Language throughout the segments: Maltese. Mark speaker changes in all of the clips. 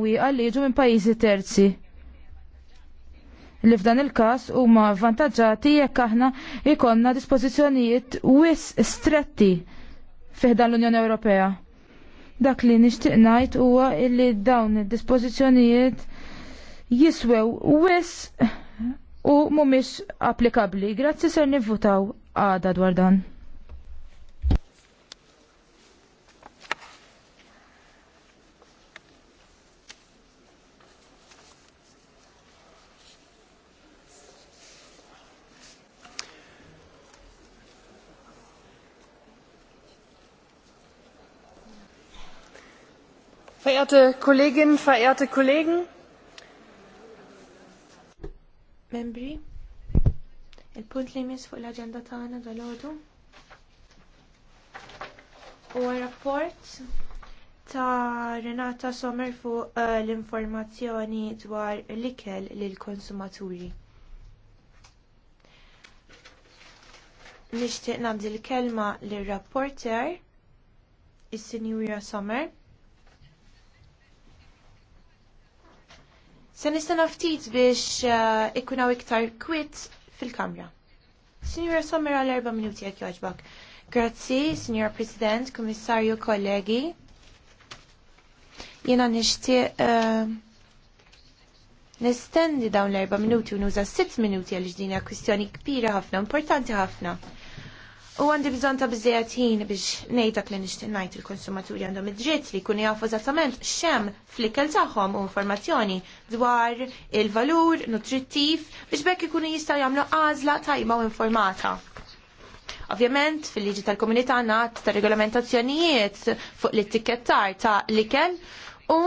Speaker 1: wi għalli ġu minn pajizi terzi. Li f'dan il-kas huma vantagġati jekk aħna ikonna dispożizzjonijiet wis stretti fiħdan l-Unjoni Ewropea. Dak li nixtieq ngħid huwa li dawn id-dispożizzjonijiet jiswew wis u mhumiex applikabbli. Grazzi ser nivvutaw għada dwar dan.
Speaker 2: verehrte Kolleginnen, verehrte Kollegen. Membri,
Speaker 3: il-punt li jmiss fuq l-agenda tagħna dal-għodu huwa rapport ta' Renata Sommer fuq uh, l-informazzjoni dwar l-ikel lill konsumaturi. Nixtieq nabdi l-kelma lir rapporter is-Sinjura Sommer. Se nistana ftit biex eh, ikkunaw iktar kwit fil-kamra. Signora Sommer għal erba minuti għak joġbak. Grazzi, Signora President, Komissarju, kollegi. Jena nishti uh, eh, nistendi dawn l-erba minuti u nuża sitt minuti għal ġdina kwistjoni kbira ħafna, importanti ħafna. U għandi bżon ta' bżejat ħin biex nejdak li nishtiq najt il-konsumaturi għandhom id-dritt li kun jafu eżattament xem fl-ikel tagħhom u informazzjoni dwar il-valur nutrittiv biex bekk ikunu jistgħu jagħmlu għażla tajma u informata. Ovvjament, fil-liġi tal-komunità għandna ta' regolamentazzjonijiet fuq l tikettar ta' l-ikel u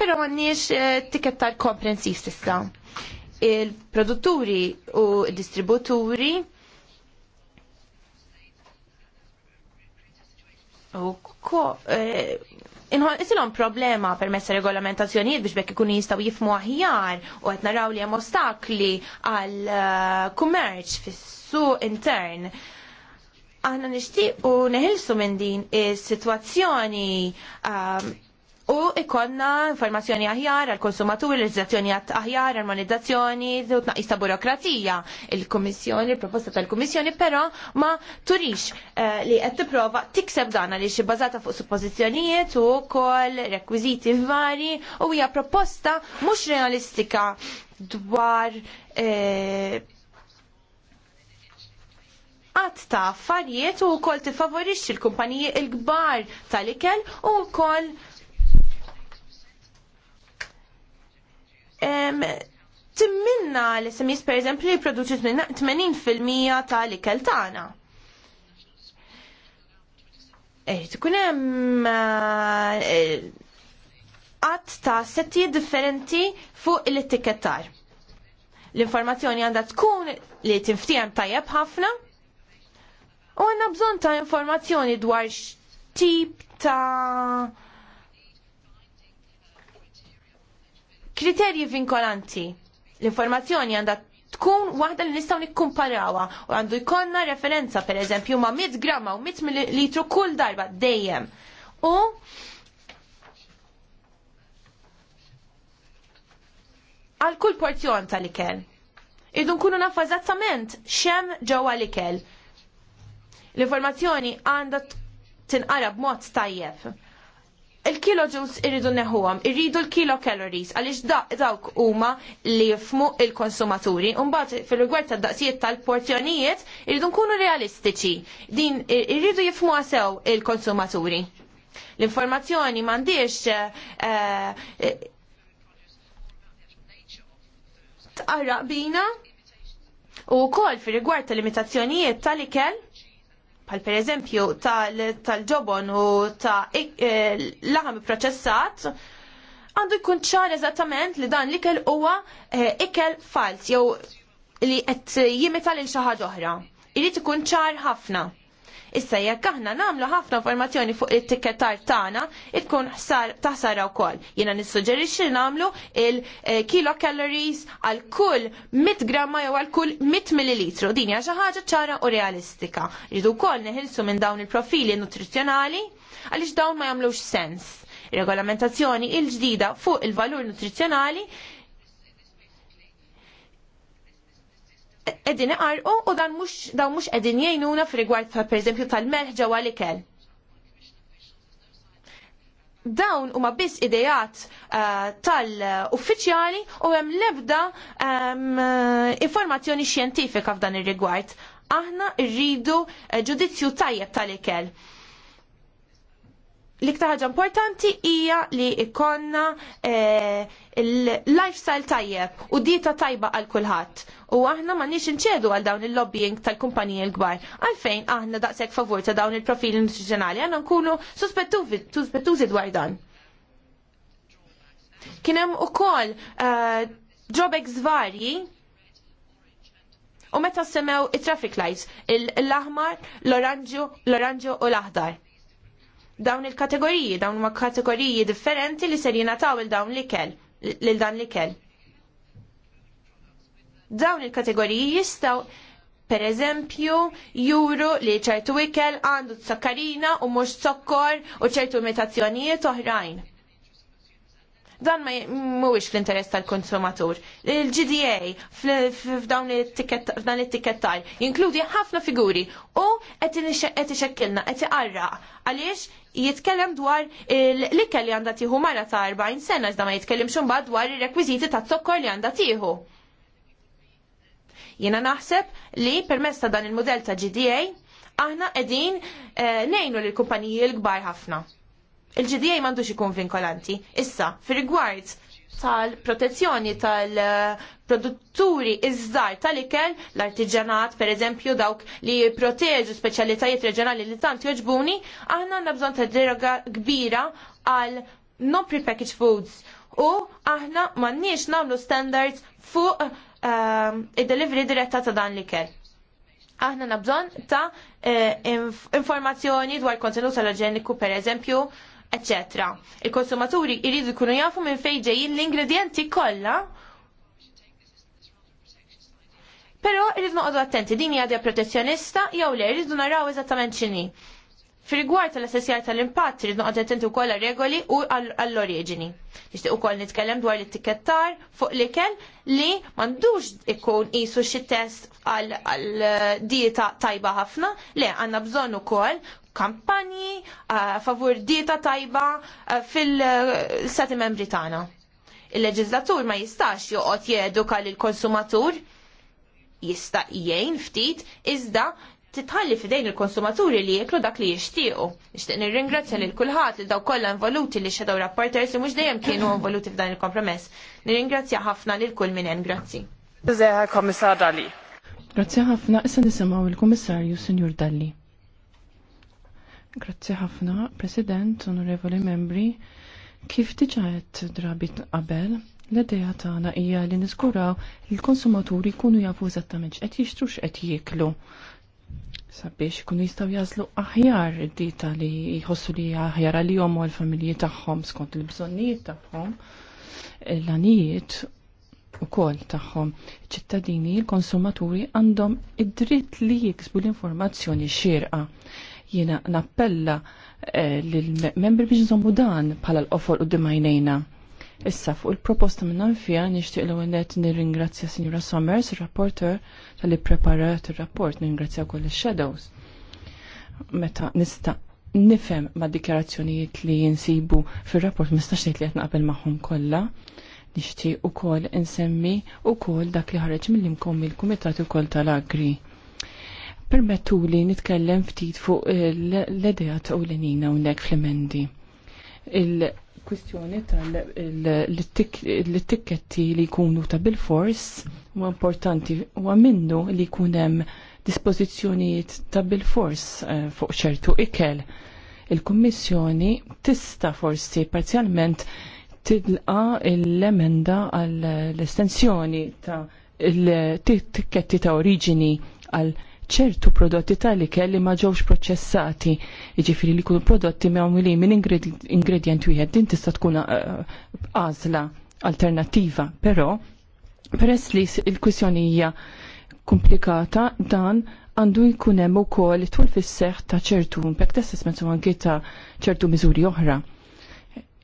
Speaker 3: però t eh, tikettar komprensiv sissa. Il-produtturi u distributuri U ko, eh, Isilom problema messa regolamentazzjonijiet biex bekk ikun jistgħu jifmu aħjar u qed naraw li hemm ostakli għal eh, kummerċ fis-suq intern. Aħna nixtiequ neħilsu minn din is-sitwazzjoni eh, u ikonna informazzjoni aħjar għal konsumaturi l-izzazzjoni aħjar, armonizzazzjoni u tnaqis ta' burokrazija. il komissjoni il-proposta tal komissjoni però ma turix eh, li qed tipprova tikseb dan li xi bażata fuq suppożizzjonijiet u wkoll rekwiżiti vari u hija proposta mhux realistika dwar eh, għat ta' affarijiet u kol tifavorixxi l-kumpaniji il-kbar tal-ikel u kol timminna l-SMEs per eżempju li produċi 80% tal-ikel tagħna. Eħt, kunem għat eh, ta' setti differenti fuq l-etikettar. L-informazzjoni għandha tkun li tinftijem tajjeb ħafna u għanna bżon ta' informazzjoni dwar tip ta' Kriterji vinkolanti. L-informazzjoni għandha tkun waħda li nistgħu nikkumparawha u għandu jkollna referenza pereżempju ma' 100 gramma u 100 millilitru kull darba dejjem. U għal kull porzjon tal-ikel. Idu nkunu nafa zazzament xem ġewwa l-ikel. L-informazzjoni għandha tinqara b'mod tajjeb il kilo juice irridu neħuħam, irridu l-kilo calories, għaliex dawk huma li jifmu il-konsumaturi. Mbagħad fil-rigward ta' daqsijiet tal-porzjonijiet irridu nkunu realistiċi. Din irridu jifmu sew il-konsumaturi. L-informazzjoni m'għandix eh, eh, tqarraq bina u wkoll fir-rigward tal-limitazzjonijiet tal-ikel pal per eżempju tal-ġobon u ta' e, laħam proċessat, għandu jkun ċar eżattament li dan l-ikel huwa e, ikel fals jew li qed jimita lil xi ħaġa oħra. Irid ikun ċar ħafna. Issa jekk aħna nagħmlu ħafna informazzjoni fuq it-tikketar tagħna, tkun taħsara wkoll. Jiena nissuġġerixxi nagħmlu il eh, calories għal kull 100 gramma jew għal kull 100 millilitru. Din hija xi ħaġa ċara u realistika. Rridu wkoll neħilsu minn dawn il-profili nutrizzjonali għaliex dawn ma jagħmlux sens regolamentazzjoni il-ġdida fuq il-valur nutrizzjonali edin iqarqu u dan mux, daw mux edin jgħinuna f'rigward ta' per eżempju tal-melħ ġewwa l-ikel. Dawn huma biss idejat uh, tal-uffiċjali u hemm lebda um, informazzjoni xjentifika f'dan ir-rigward. Aħna rridu eh, ġudizzju tajjeb tal-ikel. L-iktar ħaġa importanti hija li ikonna eh, il-lifestyle tajjeb u dieta tajba għal kulħadd. U aħna ma nix inċedu għal dawn il-lobbying tal-kumpaniji l-kbar. Għalfejn aħna daqshekk favur ta' dawn il-profili nutriġjonali għanna nkunu suspettużi dwar dan. Kien hemm ukoll drawbacks eh, zvarji u meta semmew it-traffic lights, l-aħmar, l-oranġu, l-oranġu u l-aħdar dawn il-kategoriji, dawn ma kategoriji differenti li ser jingħataw il-dawn l-ikel, lil dan l kell. Dawn il-kategoriji jistgħu per eżempju, juru li ċertu ikel għandu sakkarina u mhux sokkor u ċertu imitazzjonijiet oħrajn. Dan ma mhuwiex fl-interess tal-konsumatur. Il-GDA f'dawn it tikettaj jinkludi ħafna figuri u qed ixekkilna qed iqarra għaliex jitkellem dwar l ikel li għandha tieħu mara ta' 40 sena iżda ma jitkellimx imbagħad dwar ir-rekwiżiti tat-tokkor li għandha tieħu. Jiena naħseb li permezz ta' dan il-modell ta' GDA aħna qegħdin eh, ngħinu lill kumpaniji l-kbar ħafna il-GDA m'għandux ikun vinkolanti. Issa, fir-rigward tal-protezzjoni tal-produtturi iż-żar tal-ikel, l-artiġanat, per eżempju, dawk li proteġu speċjalitajiet reġjonali li tant joġbuni, aħna għandna bżonn ta' deroga kbira għal non-prepackaged foods u aħna m'għandniex nagħmlu standards fuq uh, id-delivery diretta ta' dan l-ikel aħna nabżon ta' eh, informazzjoni dwar kontenut allerġeniku per eżempju, etc. Il-konsumaturi jridu jkunu jafu minn fejn ġejjin l-ingredienti kollha. Però jridu noqogħdu attenti din hija protezzjonista jew le jridu naraw eżattament x'inhi. Fil-rigward tal-assessjar tal-impatt jridu noqgħod attenti wkoll regoli u għall-oriġini. Nixtieq ukoll nitkellem dwar l-ittikettar fuq l-ikel li m'għandux ikun qisu xi test għal eh, dieta tajba ħafna, le għandna bżonn ukoll kampanji eh, favur dieta tajba eh, fil-Stati Membri tagħna. Il-leġislatur ma jistax joqgħod jeduka lil konsumatur jista' jgħin ftit iżda titħalli fidejn il-konsumaturi li jeklu dak li jixtiequ. Nixtieq nirringrazzja lil kulħadd li daw kollha involuti li xedaw rapporters li mhux dejjem kienu involuti f'dan il-kompromess. Nirringrazzja ħafna lil kull minn hemm, grazzi.
Speaker 2: Grazzi ħafna, issa nisimgħu il-Kummissarju Sinjur Dalli. Grazzi ħafna, President, Onorevoli Membri. Kif diġaħet drabi qabel, l-ideja tagħna hija li niskuraw il konsumaturi jkunu jafu eżattament x'qed jixtrux qed jieklu sabiex kunu jistaw jazlu aħjar id-dita li jħossu li aħjar għalihom u għal-familji tagħhom skont il-bżonnijiet tagħhom, l anijiet u kol tagħhom. ċittadini, l-konsumaturi għandhom id-dritt li jiksbu l-informazzjoni xirqa. Jiena nappella eh, lill-membri biex nżommu dan bħala l offor u dimajnejna. Issa fuq il-proposta minn anfija nixtieq l għennet nirringrazzja Sinjura Summers, il-rapporter tal-li preparat il-rapport, nirringrazzja wkoll il-shadows. Meta nista' nifhem ma' dikjarazzjonijiet li jinsibu fir-rapport mistax ngħid li qed naqbel magħhom kollha nixtieq ukoll insemmi ukoll dak li ħareġ mill-imkom il-Kumitat ukoll tal-Agri Permettu li nitkellem ftit fuq l-edijat u l-nina unnek fl-emendi. Il-kwistjoni tal-tikketti li jkunu ta' bil-fors u importanti u minnu li kunem dispozizjonijiet ta' bil-fors eh, fuq ċertu ikel. Il-Kommissjoni tista' forsi parzjalment tilqa l-emenda għall-estensjoni ta' l tikketti ta' oriġini għal ċertu prodotti tal-ikel li ma ġewx proċessati, jiġifieri li kull prodotti magħmulin minn ingredient wieħed din tista' tkun eh, għażla alternattiva, però peress li l-kwissjoni hija komplikata dan għandu jkun hemm ukoll tul fis-seħħ ta' ċertu impact assessment u anke ta' ċertu miżuri oħra.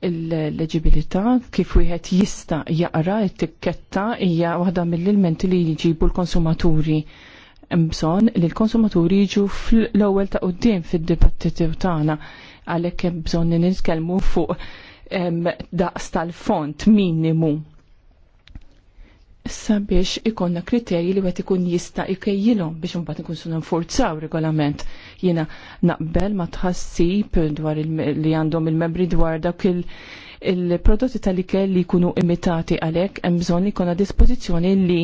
Speaker 2: Il-leġibilità kif wieħed jista' jaqra t tikketta hija waħda mill-ilmenti li jġibu l-konsumaturi bżonn li l-konsumaturi jiġu fl-ewwel ta' quddiem fid-dibattiti tagħna għalhekk hemm bżonn li nitkellmu fuq daqs tal-font minimu sabiex ikonna kriterji li għet ikun jista ikejjilom biex mbagħad ikun sunan forzaw regolament. Jiena naqbel ma tħassib dwar li għandhom il-membri dwar dak il- il-prodotti tal-ikel li jkunu imitati għalek hemm bżonn li kuna dispożizzjoni li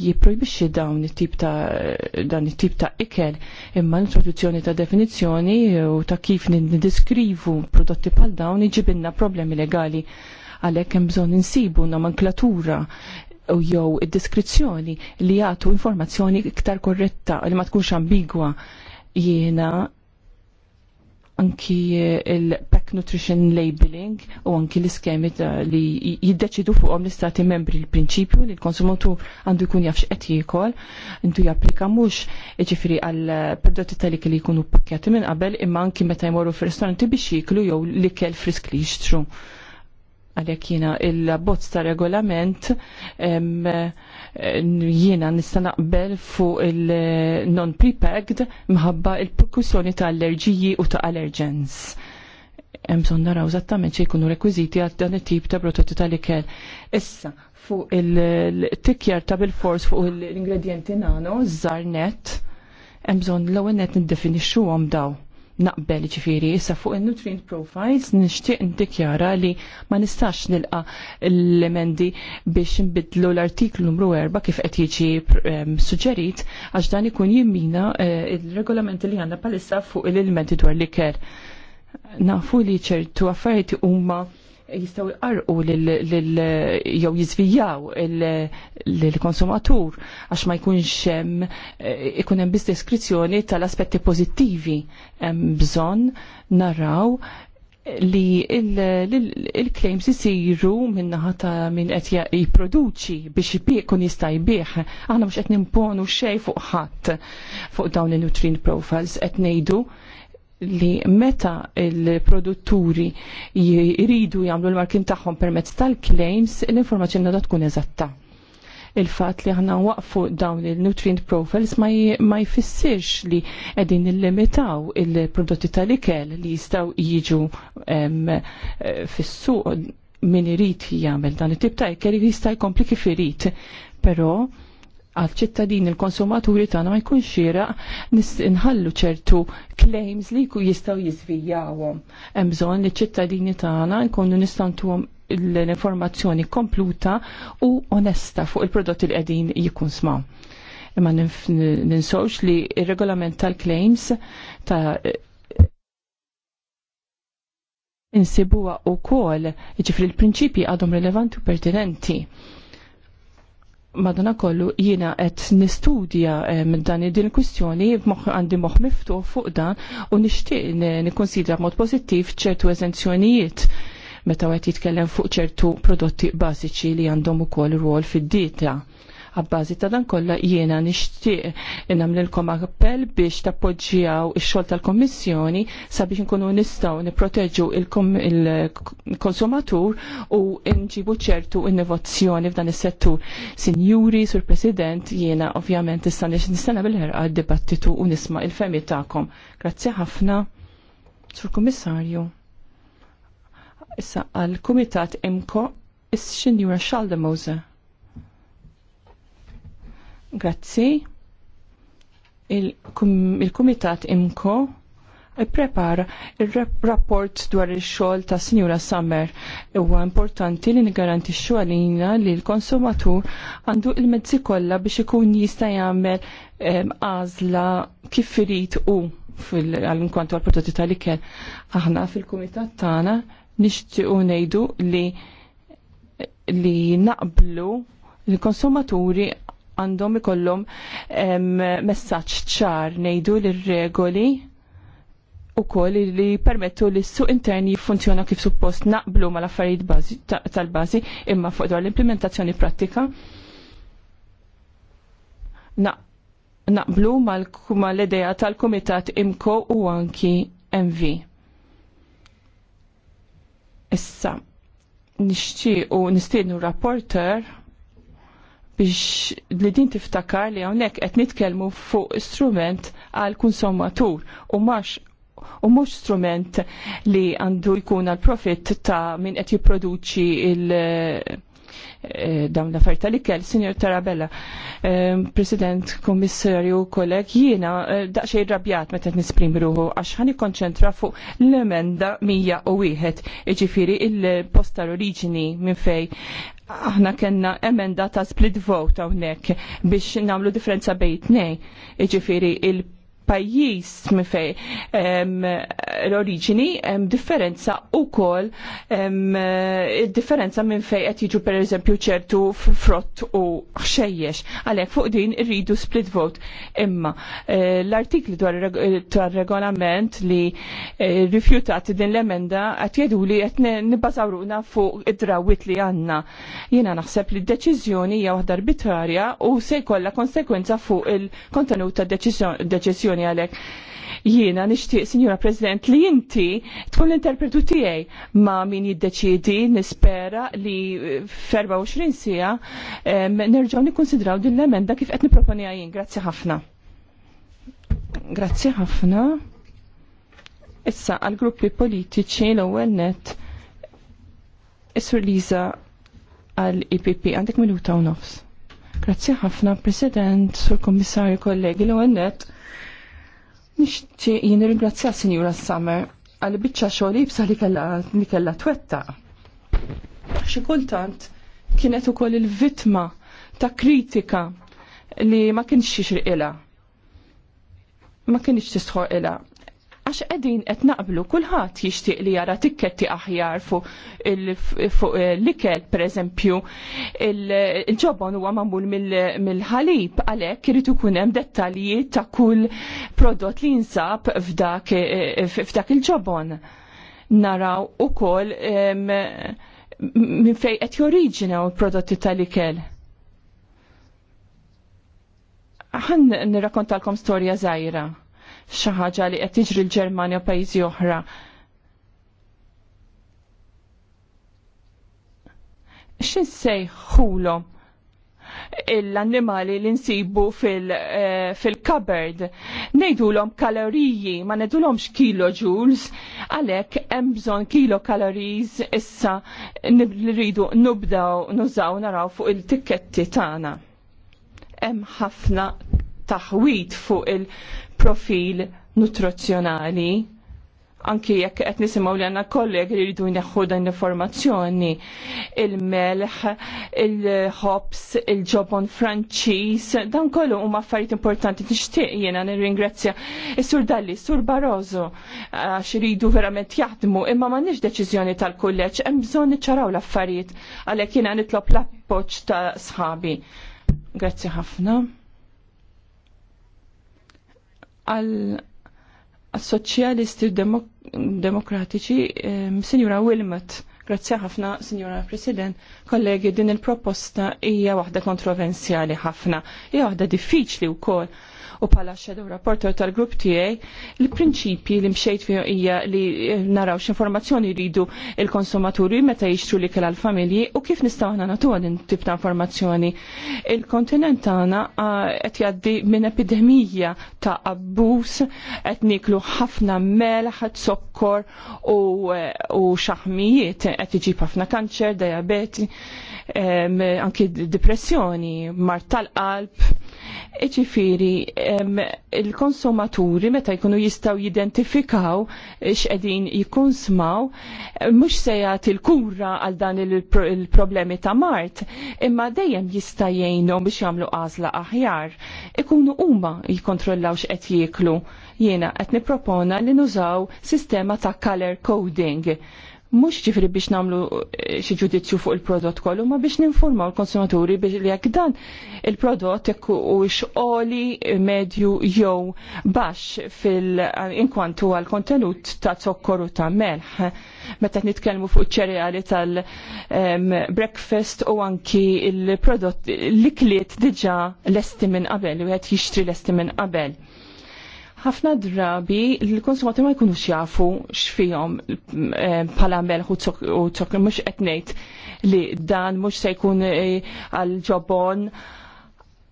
Speaker 2: jipprojbixxi dawn it-tip ta' dan it-tip ta' ikel imma l-introduzzjoni ta' definizzjoni u ta' kif nindiskrivu prodotti bħal dawn iġibinna problemi legali għalek hemm bżonn insibu nomenklatura u jew id-deskrizzjoni li jagħtu informazzjoni iktar korretta li ma tkunx ambigwa jiena anki eh, il-pack nutrition labeling u anki l-iskemi li jiddeċidu fuqhom l-istati membri l-prinċipju li l-konsumatur għandu jkun jafx qed jiekol, intu japplika mhux jiġifieri għal eh, prodotti tal li jkunu pakkjati minn qabel imma anki meta jmorru fil-restoranti biex jiklu jew l-ikel frisk li jixtru għalhekk jiena il-bozz ta' regolament jiena nista' naqbel fuq il-non prepagged mħabba il-perkussjoni ta' allerġiji u ta' allergens. Mżon bżonn naraw eżattament xi jkunu rekwiżiti għal dan it-tip ta' prodotti tal-ikel. Issa fuq il-tikjar ta' bil-fors fuq l-ingredjenti nano, żarnet, hemm bżonn l-ewwel net niddefinixxuhom daw naqbel ċifiri, issa fuq il-nutrient profiles nishtiq ndikjara li ma nistax nilqa l-emendi biex nbidlu l-artiklu numru 4 kif qed jiġi ehm, suġġerit għax dan ikun jimmina eh, il-regolamenti li għandna palissa fuq il-elementi dwar l-iker. Nafu li ċertu affarijiet huma jistaw jqarqu jew jizvijaw l-konsumatur għax ma jkunx hemm eh, ikun hemm biss tal-aspetti pożittivi hemm bżonn naraw li il-claims jisiru minnaħa ta' minn qed jipproduċi biex kun jista' jbieħ. Aħna mhux qed nimponu xejn fuq ħadd fuq dawn il-nutrient profiles qed ngħidu li meta il-produtturi jiridu jagħmlu l-markin tagħhom permezz tal-claims, l-informazzjoni da tkun eżatta. Il-fat li ħana waqfu dawn il-nutrient profiles ma, jfissirx li edin il-limitaw il-prodotti tal-ikel li jistaw jiġu fissuq min irid jagħmel dan it-tip ta' ikel jista' jkompli kif irid. Però għal ċittadin il-konsumaturi tagħna ma jkunx xieraq nħallu ċertu claims li jkun jistgħu jiżvijawhom. Hemm bżonn li ċittadini tagħna nkunu nistantuhom l-informazzjoni kompluta u onesta fuq il-prodotti li qegħdin jkun smaw. Imma ninsowx li r regolament tal-claims ta' insibuwa u kol, ġifri l-prinċipi għadhom rilevanti u pertinenti madana kollu jina qed nistudja eh, dan din kwistjoni għandi moħ miftuħ fuq dan u nixtieq nikkonsidra mod pożittiv ċertu eżenzjonijiet meta għet jitkellem fuq ċertu prodotti bażiċi li għandhom ukoll rwol fid-dieta Għabbażi ta' dan kollha jiena nixtieq nagħmlilkom appell biex tappoġġjaw ix-xogħol tal-Kommissjoni sabiex inkunu nistgħu nipproteġġu il-konsumatur u nġibu ċertu innovazzjoni f'dan is-settur. Sinjuri, Sur President, jiena ovvjament issa nistana bil-ħerqa għad dibattitu u nisma' il-femi tagħkom. Grazzi ħafna, Sur Kummissarju. Issa għal-Kumitat Imko is-Xinjura Xalda Moser. Grazzi. Il-Kumitat il Imko prepara il-rapport dwar il-xol ta' Signora Summer. Huwa importanti li nigarantixxu għalina li l-konsumatur għandu il-mezzi kollha biex ikun jista' jagħmel ehm, għażla kif irid u għal inkwantu għal-prodotti tal-ikel. Aħna fil-kumitat tagħna nixtiequ ngħidu li li naqblu l-konsumaturi għandhom ikollhom messaġġ ċar ngħidu lir-regoli u koll li permettu li s-suq intern jiffunzjona kif suppost naqblu ma l-affarijiet tal bażi imma fuq dwar l-implementazzjoni pratika naqblu ma l idea tal kumitat IMCO u anki MV. Issa, nixtiequ nistiednu rapporter biex li din tiftakar li hawnhekk qed nitkellmu fuq strument għal konsumatur u max u mhux strument li għandu jkun għal profit ta' min qed jipproduċi il- Eh, dawn l-affarijiet tal-ikel, Sinjor Tarabella, eh, President, Kommissarju, kolleg, jiena eh, daqsxejn rabjat meta nisprim ruħu għax ħani konċentra fuq l-emenda 101, iġifieri il-post tal-oriġini minn fej aħna kena emenda ta' split vote hawnhekk biex nagħmlu differenza bejn tnej, iġifieri il pajjiż mifej l-oriġini hemm differenza wkoll differenza minn fejn qed jiġu pereżempju ċertu frott u xejjex. Għalhekk fuq din irridu split vote. Imma eh, l-artikli dwar regolament li eh, rifjutat din l-emenda qed jgħidu li qed nibbażawruna fuq id-drawit li għandna. Jiena naħseb li d-deċiżjoni hija waħda arbitrarja u se jkollha konsekwenza fuq il-kontenut ta' deċiżjoni kwistjoni għalek. Jiena nixtieq, Sinjora President, li inti tkun l-interpretu tiegħi ma' min jiddeċidi nispera li xrin sija nerġgħu nikkonsidraw din l-emenda kif qed nipproponi jien. Grazzi ħafna. Grazzi ħafna. Issa għal gruppi politiċi l-ewwel net is Liza għall IPP għandek minuta u nofs. Grazzi ħafna, President, Sur Kommissarju, kollegi l-ewwel net Nishti jien ringrazzja Sinjura Summer għal biċċa xogħol bsa li kellha li kellha twetta. Xi kultant kienet ukoll il-vittma ta' kritika li ma kienx xixriqilha. Ma kienx tisħoqilha għax qegħdin qed naqblu kulħadd jixtieq li jara tikketti aħjar fuq eh, l-ikel pereżempju il-ġobon huwa magħmul mill-ħalib għalhekk irid ikun hemm dettalji ta' kull prodott li jinsab f'dak eh, il-ġobon. Naraw ukoll minn fejn qed joriġinaw il-prodotti tal-ikel Għan nirrakontalkom storja zaħira xi ħaġa li qed tiġri l-Ġermanja u pajjiżi oħra. X'insejħulhom l-annimali li nsibu eh, fil-cupboard. Fil Nejdulom kaloriji, ma nejdulomx joules għalek hemm bżonn kilokalories issa li nubdaw nużaw naraw fuq il-tikketti tagħna. Hemm ħafna taħwit fuq il- profil nutrizzjonali anki jekk qed nisimgħu li għandna kollegi li jridu jneħħu dan l-informazzjoni il-melħ, il-ħobs, il-ġobon Franċiż, dan kollu huma affarijiet importanti tixtieq jiena nirringrazzja is-Sur Dalli, Sur Barroso għax iridu verament jaħdmu imma m'għandniex deċiżjoni tal-kulleġġ hemm bżonn niċċaraw l-affarijiet għalhekk jiena nitlob l-appoġġ ta' sħabi. Grazzi ħafna għal-soċjalisti demokratiċi, Sinjura Wilmot, grazzi ħafna, Sinjura President, kollegi, din il-proposta hija waħda kontroversjali ħafna, hija waħda diffiċli wkoll u bħala xedu rapporter tal-grupp tiegħi il-prinċipji li mxejt fiħu hija li eh, naraw x'informazzjoni jridu il-konsumaturi meta jixtru li l familji u kif nistgħu aħna natu din tip ta' informazzjoni. Il-kontinent tagħna ah, qed jgħaddi minn epidemija ta' abbuż qed niklu ħafna melħ, sokkor eh, u xaħmijiet qed iġib ħafna kanċer, diabeti, anki depressjoni, mar tal-qalb Iċifiri, il-konsumaturi meta jkunu jistaw jidentifikaw x'qegħdin jikonsmaw, mux mhux sejat il-kura għal dan il-problemi ta' mart, imma dejjem jista' jgħinu biex jagħmlu għażla aħjar. Ikunu huma jikkontrollaw x'qed jieklu. Jiena qed nippropona li nużaw sistema ta' color coding mux ġifri biex namlu eh, xi ġudizzju fuq il-prodott kollu, ma biex ninformaw l-konsumaturi biex li jekk dan il-prodott jekk u xoli medju jew baxx fil-inkwantu għal kontenut ta' zokkor u ta' melħ. Meta nitkellmu fuq ċereali tal-breakfast u anki il-prodott li kliet diġa l-esti minn qabel, u għed jixtri l-esti minn qabel ħafna drabi l-konsumatur ma jkunux jafu x'fihom eh, bħala melħu u tsok mhux qed ngħid li dan mhux se jkun eh, għal ġobon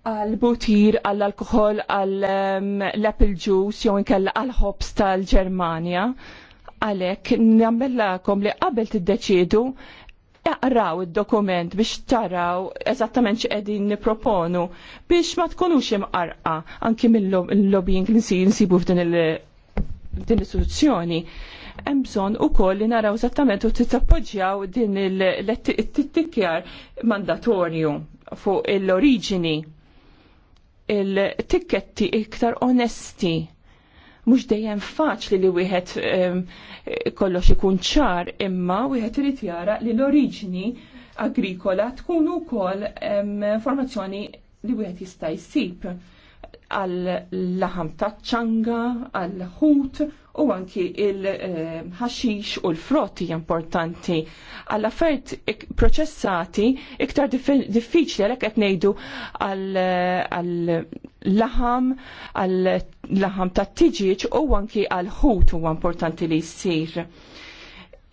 Speaker 2: għal butir, għall alkohol għall ehm, l-apple juice, jew inkella għal ħobs tal-Ġermanja. Għalek, nammellakom li qabel tiddeċiedu. Jaqraw id-dokument biex taraw eżattament qegħdin nipproponu biex ma tkunux imqarqa anki mill-lobbying li nsibu f'din l-istituzzjoni. Hemm bżonn ukoll li naraw eżattament u titappoġġjaw din il tikkjar mandatorju fuq l-oriġini il-tikketti iktar onesti mhux dejjem faċli li wieħed ehm, kollox ikun ċar imma wieħed irid jara li l-oriġini agrikola tkun ukoll ehm, formazzjoni li wieħed jista' jsib għal-laħam taċċanga, ċanga, għal-ħut u anki il-ħaxix u l-frotti importanti. Għall-affert proċessati iktar diffiċli għalek qed ngħidu għal-laħam, għal-laħam taċċiġiċ u anki għal-ħut u importanti li jsir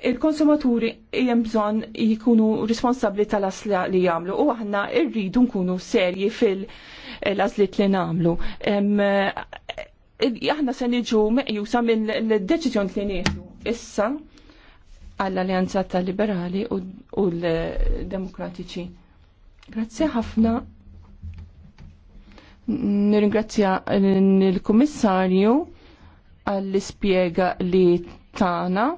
Speaker 2: il-konsumaturi jem bżon jikunu responsabli tal-asla li jamlu u aħna irridu nkunu serji fil-azlit li namlu. Eh, aħna se niġu meqjusa mill-deċizjon li nieħdu issa għall-Alleanza tal-Liberali u l-Demokratiċi. Grazzi ħafna. Nirringrazzja l-Kummissarju għall-ispjega li tana.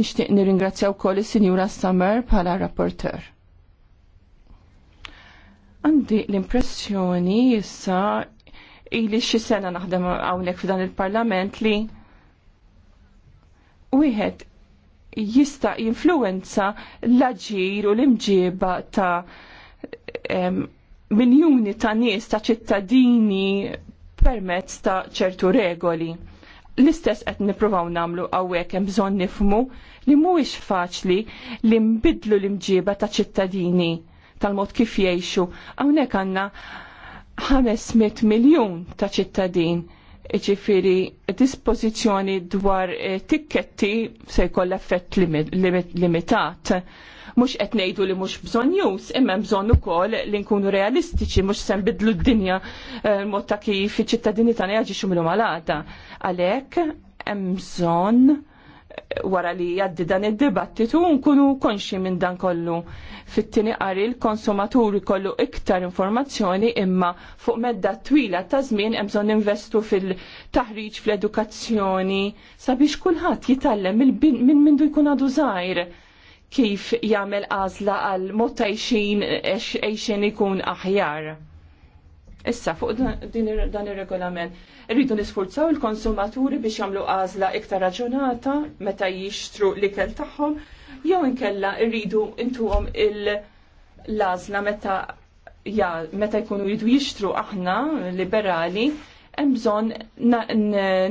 Speaker 2: Nixtieq nirringrazzja wkoll is-Sinjura Summer bħala rapporteur. Għandi l-impressjoni issa ili xi sena naħdem hawnhekk f'dan il-Parlament li wieħed jista' influenza l-aġir u l-imġieba ta' miljuni ta' nies ta' ċittadini permezz ta' ċertu regoli l-istess qed nippruvaw nagħmlu hawnhekk hemm bżonn nifhmu li mhuwiex faċli li nbidlu l-imġiba ta' ċittadini tal-mod kif jgħixu. Hawnhekk għandna 500 miljun ta' ċittadin ċifiri dispozizjoni dwar eh, tikketti se jkoll effett limitat. Mux qed ngħidu li mhux bżonn jus, imma bżonn ukoll li nkunu realistiċi mhux se nbidlu d-dinja eh, mod ta' kif iċ-ċittadini tagħna jaġixu minnhom għal Għalhekk hemm bżonn wara li jaddi dan id-dibattitu nkunu konxi minn dan kollu. Fit-tieni qari l-konsumaturi kollu iktar informazzjoni imma fuq medda twila ta' żmien hemm bżonn investu fil-taħriġ fl-edukazzjoni sabiex kulħadd jitallem minn mindu jkun għadu żgħir kif jagħmel għażla għal mod ta' għexin ikun aħjar Issa fuq dan ir-regolament irridu nisfurzaw il-konsumaturi biex jagħmlu għażla iktar raġunata meta jixtru l-ikel tagħhom jew inkella rridu intuhom il-għażla meta ja, meta jkunu jridu jixtru aħna liberali hemm bżonn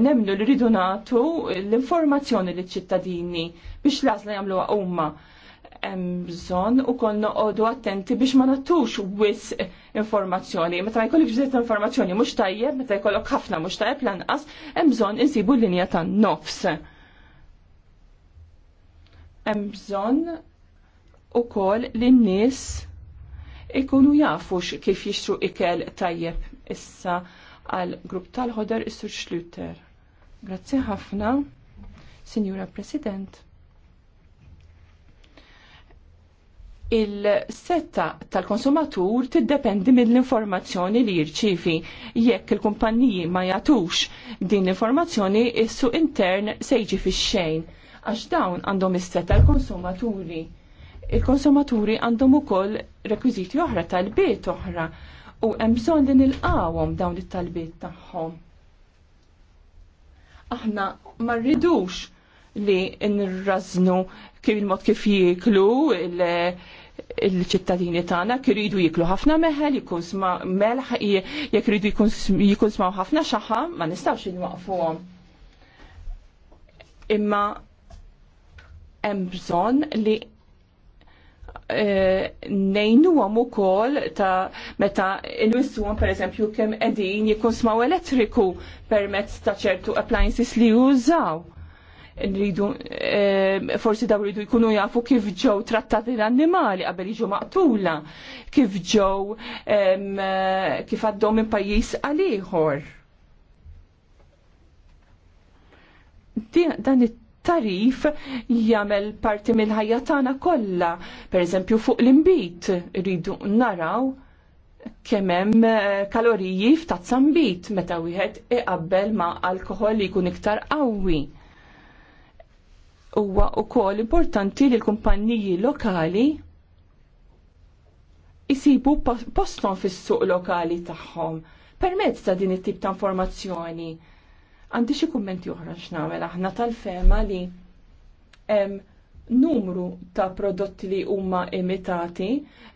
Speaker 2: nemlu li rridu nagħtu l-informazzjoni liċ-ċittadini biex l-għażla jagħmluha huma hemm bżonn ukoll noqogħdu attenti biex ma nagħtux wis informazzjoni. Meta jkollok bżiet informazzjoni mhux tajjeb, meta jkollok ħafna mhux tajjeb lanqas, hemm bżonn insibu l-linja tan-nofs. Hemm bżonn ukoll lin nies ikunu jafux kif jixtru ikel tajjeb issa għal grupp tal-ħoder is-Sur Schluter. Grazzi ħafna, Signora President. il-setta tal-konsumatur tiddependi mill-informazzjoni li jirċifi. Jekk il-kumpanniji ma jatux din l-informazzjoni, issu intern se fi fix-xejn għax dawn għandhom is-setta tal konsumaturi Il-konsumaturi għandhom ukoll rekwiżiti oħra tal-bit oħra u hemm bżonn li nilqawhom dawn it-talbiet tagħhom. Aħna ma rridux li nirraznu kif il-mod kif jiklu il- il-ċittadini tagħna iridu jiklu ħafna meħel, jkun sma melħ, jekk iridu jkun smaw ħafna xaħa, ma nistgħux inwaqfuhom. Imma hemm bżonn li eh, nejnu għam u kol ta' meta il-wissu għam per eżempju kem edin jikun smaw elettriku permezz ta' ċertu appliances li jużaw rridu eh, forsi daw rridu jkunu jafu kif ġew trattati l-annimali qabel jiġu maqtula, kif ġew eh, kif għaddew minn pajjiż għal ieħor. Dan it-tarif jagħmel parti mill-ħajja tagħna kollha, pereżempju fuq l-imbit rridu naraw kemm hemm eh, kaloriji f'tazzambit meta wieħed iqabbel ma' alkohol li jkun iktar qawwi huwa wkoll importanti li l-kumpanniji lokali jisibu postom fis-suq lokali tagħhom permezz ta' din it-tip ta' informazzjoni. Għandi xi kummenti oħra x'nagħmel aħna tal-fema li hemm numru ta' prodotti li huma imitati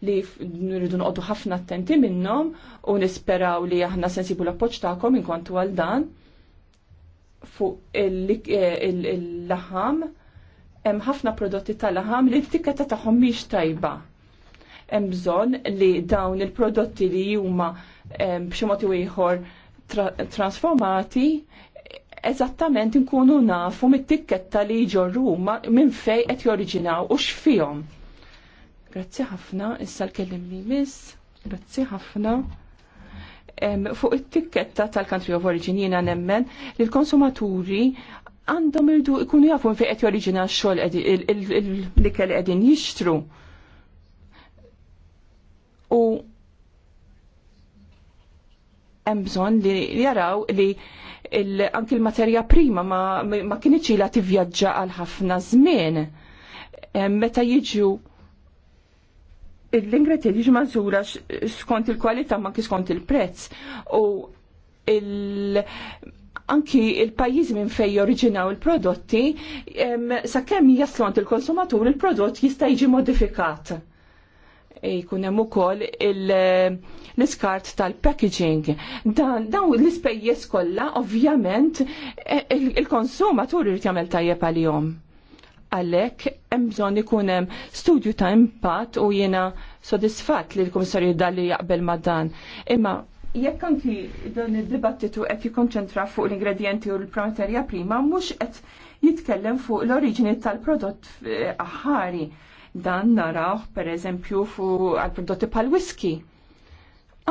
Speaker 2: li nridu noqogħdu ħafna attenti minnhom u nisperaw li aħna se nsibu l-appoġġ tagħkom inkontu għal dan fuq il-laħam il il hemm ħafna prodotti tal-aħam li t tiketa tagħhom miex tajba. Hemm bżonn li dawn il-prodotti li huma ehm, b'xi mod ieħor transformati eżattament inkunu nafu mit-tikketta li ġorru minn fej qed joriġinaw u x'fihom. Grazzi ħafna, issa l li miss, grazzi ħafna ehm, fuq it-tikketta tal-country of origin jiena nemmen li l-konsumaturi għandhom irdu ikunu jafu fi qed joriġina x-xogħol li kell qegħdin jixtru. U hemm bżonn li jaraw li anki l-materja prima ma, ma kienx ilha tivvjaġġa għal ħafna żmien. Eh, meta jiġu l-ingredienti jiġu mażura skont il-kwalità ma kif skont il-prezz u il anki il-pajjiż minn fej jorġinaw il-prodotti, sakemm jaslu il-konsumatur il-prodott jista' jiġi modifikat. E, jkun hemm ukoll eh, l-iskart tal-packaging. Dan l-ispejjeż kollha ovvjament e, il-konsumatur irid jagħmel tajjeb għalihom. Għalhekk hemm bżonn ikun hemm studju ta' impatt u jiena sodisfatt li l-Kummissarju dalli jaqbel ma' dan. Imma jekk anki dan id-dibattitu qed jikkonċentra fuq l-ingredjenti u l-materja prima mhux qed jitkellem fuq l-oriġini tal-prodott eh, aħari. Dan naraw per eżempju fuq għal-prodotti pal-whisky.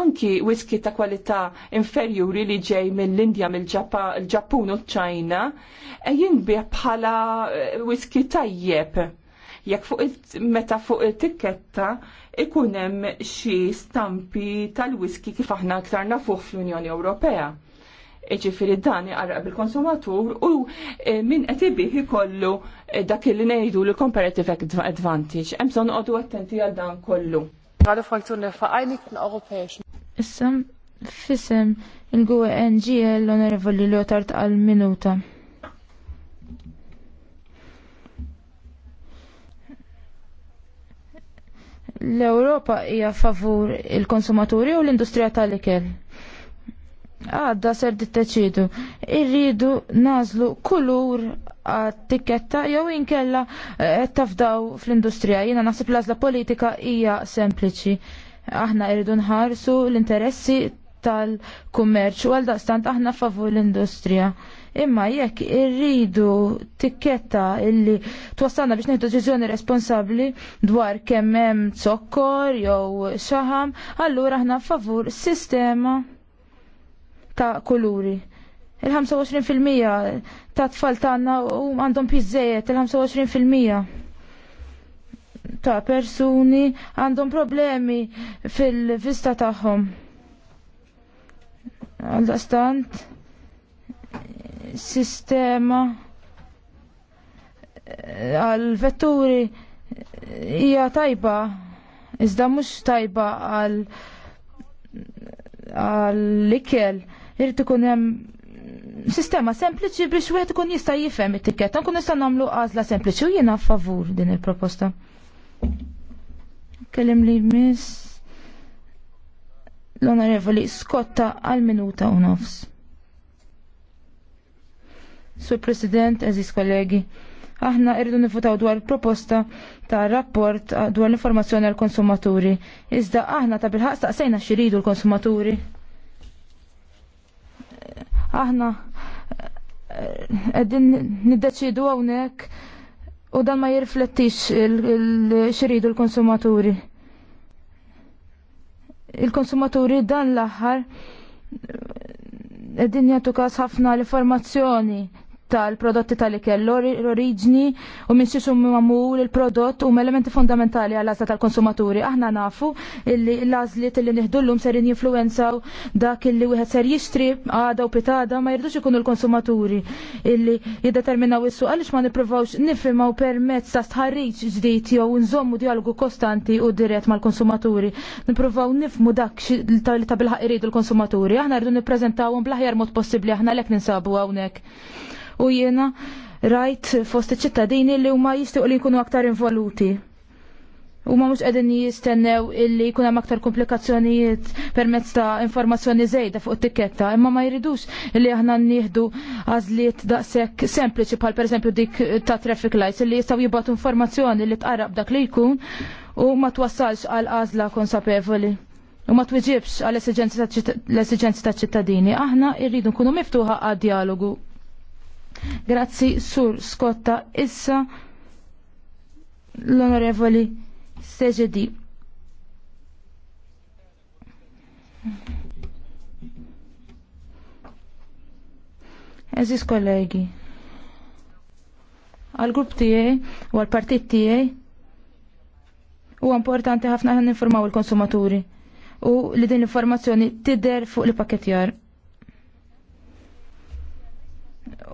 Speaker 2: Anki whisky ta' kwalità inferjuri li ġej mill-Indja, mill-Ġappun u ċ-Ċajna, eh, jinbih bħala eh, whisky tajjeb jekk fuq meta fuq it-tikketta ikun hemm xi stampi tal-whisky kif aħna aktar nafuh fl-Unjoni Ewropea. Iġifieri dan iqarraq bil-konsumatur u eh, min qed ibih ikollu eh, dak li ngħidu l comparative advantage. Hemm bżonn qogħdu attenti għal dan kollu. Gerade Fraktion der Vereinigten Europäischen.
Speaker 1: Issa fisem il-GUE NGL l-Onorevoli Lothar għal minuta. l-Europa hija favur il-konsumaturi u l-industrija tal-ikel. Għadda ser ditteċidu. Irridu nażlu kulur għat tiketta jew inkella eh, tafdaw fl-industrija. Jiena naħseb l-għażla politika hija sempliċi. Aħna irridu nħarsu l-interessi tal-kummerċ u għal daqstant aħna favur l-industrija. Imma jekk irridu tikketta illi twassalna biex nieħdu deċiżjoni responsabbli dwar kemm hemm zokkor jew xaħam, allura aħna favur sistema ta' kuluri. Il-25% ta' tfal tagħna u għandhom piżejjed il-25% ta' persuni għandhom problemi fil-vista tagħhom. Għaldaqstant, sistema eh, għal vetturi eh, hija tajba iżda mhux tajba għal għall ikel irid ikun hemm sistema sempliċi biex wieħed ikun jista' jifhem it-tikketta nkun nista' nagħmlu għażla sempliċi u jiena favur din il-proposta. Kellim li miss l-onorevoli Skotta għal minuta u nofs. Sur President, eżis kollegi. Aħna irridu nifutaw dwar proposta ta' rapport dwar l-informazzjoni għal konsumaturi. Iżda aħna ta' bilħaq staqsejna xiridu l-konsumaturi. Aħna eh, għeddin niddeċidu għawnek u dan ma jirflettix xiridu l-konsumaturi. Il-konsumaturi dan l-aħħar eh, għeddin jgħatu kas ħafna l-informazzjoni tal-prodotti tal-ikel l-oriġni u minn xiex mamul il-prodott u elementi fondamentali għal għazla tal-konsumaturi. Aħna nafu illi l-għazliet illi niħdullum serin jinfluenzaw dak illi wieħed ser jixtri għada u pitada ma jirdux ikunu l-konsumaturi illi jiddeterminaw issu għalix ma niprofawx nifimaw permezz ta' stħarriċ ġdijt jew nżommu dialogu kostanti u dirett mal-konsumaturi. Niprofaw nifmu dak li ta' bil iridu l-konsumaturi. Aħna rridu niprezentawum bl-aħjar mod possibbli aħna lek ninsabu hawnhekk u jiena rajt fost ċittadini li huma jistgħu li jkunu aktar involuti. U ma mux għedin jistennew illi jkun hemm aktar komplikazzjonijiet permezz ta' informazzjoni żejda fuq it-tikketta, imma ma jridux illi aħna nieħdu għażliet daqshekk sempliċi bħal pereżempju dik ta' traffic lights illi jistgħu jibgħatu informazzjoni li tqarrab dak li jkun u ma twassalx għal għażla konsapevoli. U ma twiġibx għal esigenzi ta' ċittadini. Aħna rridu nkunu miftuħa għad dialogu Grazzi sur Skotta issa l-onorevoli Seġedi. Eżis kollegi, għal-grupp tijaj u għal-partit tijaj u importanti ħafna għan informaw il-konsumaturi u li din l-informazzjoni tider fuq li pakketjar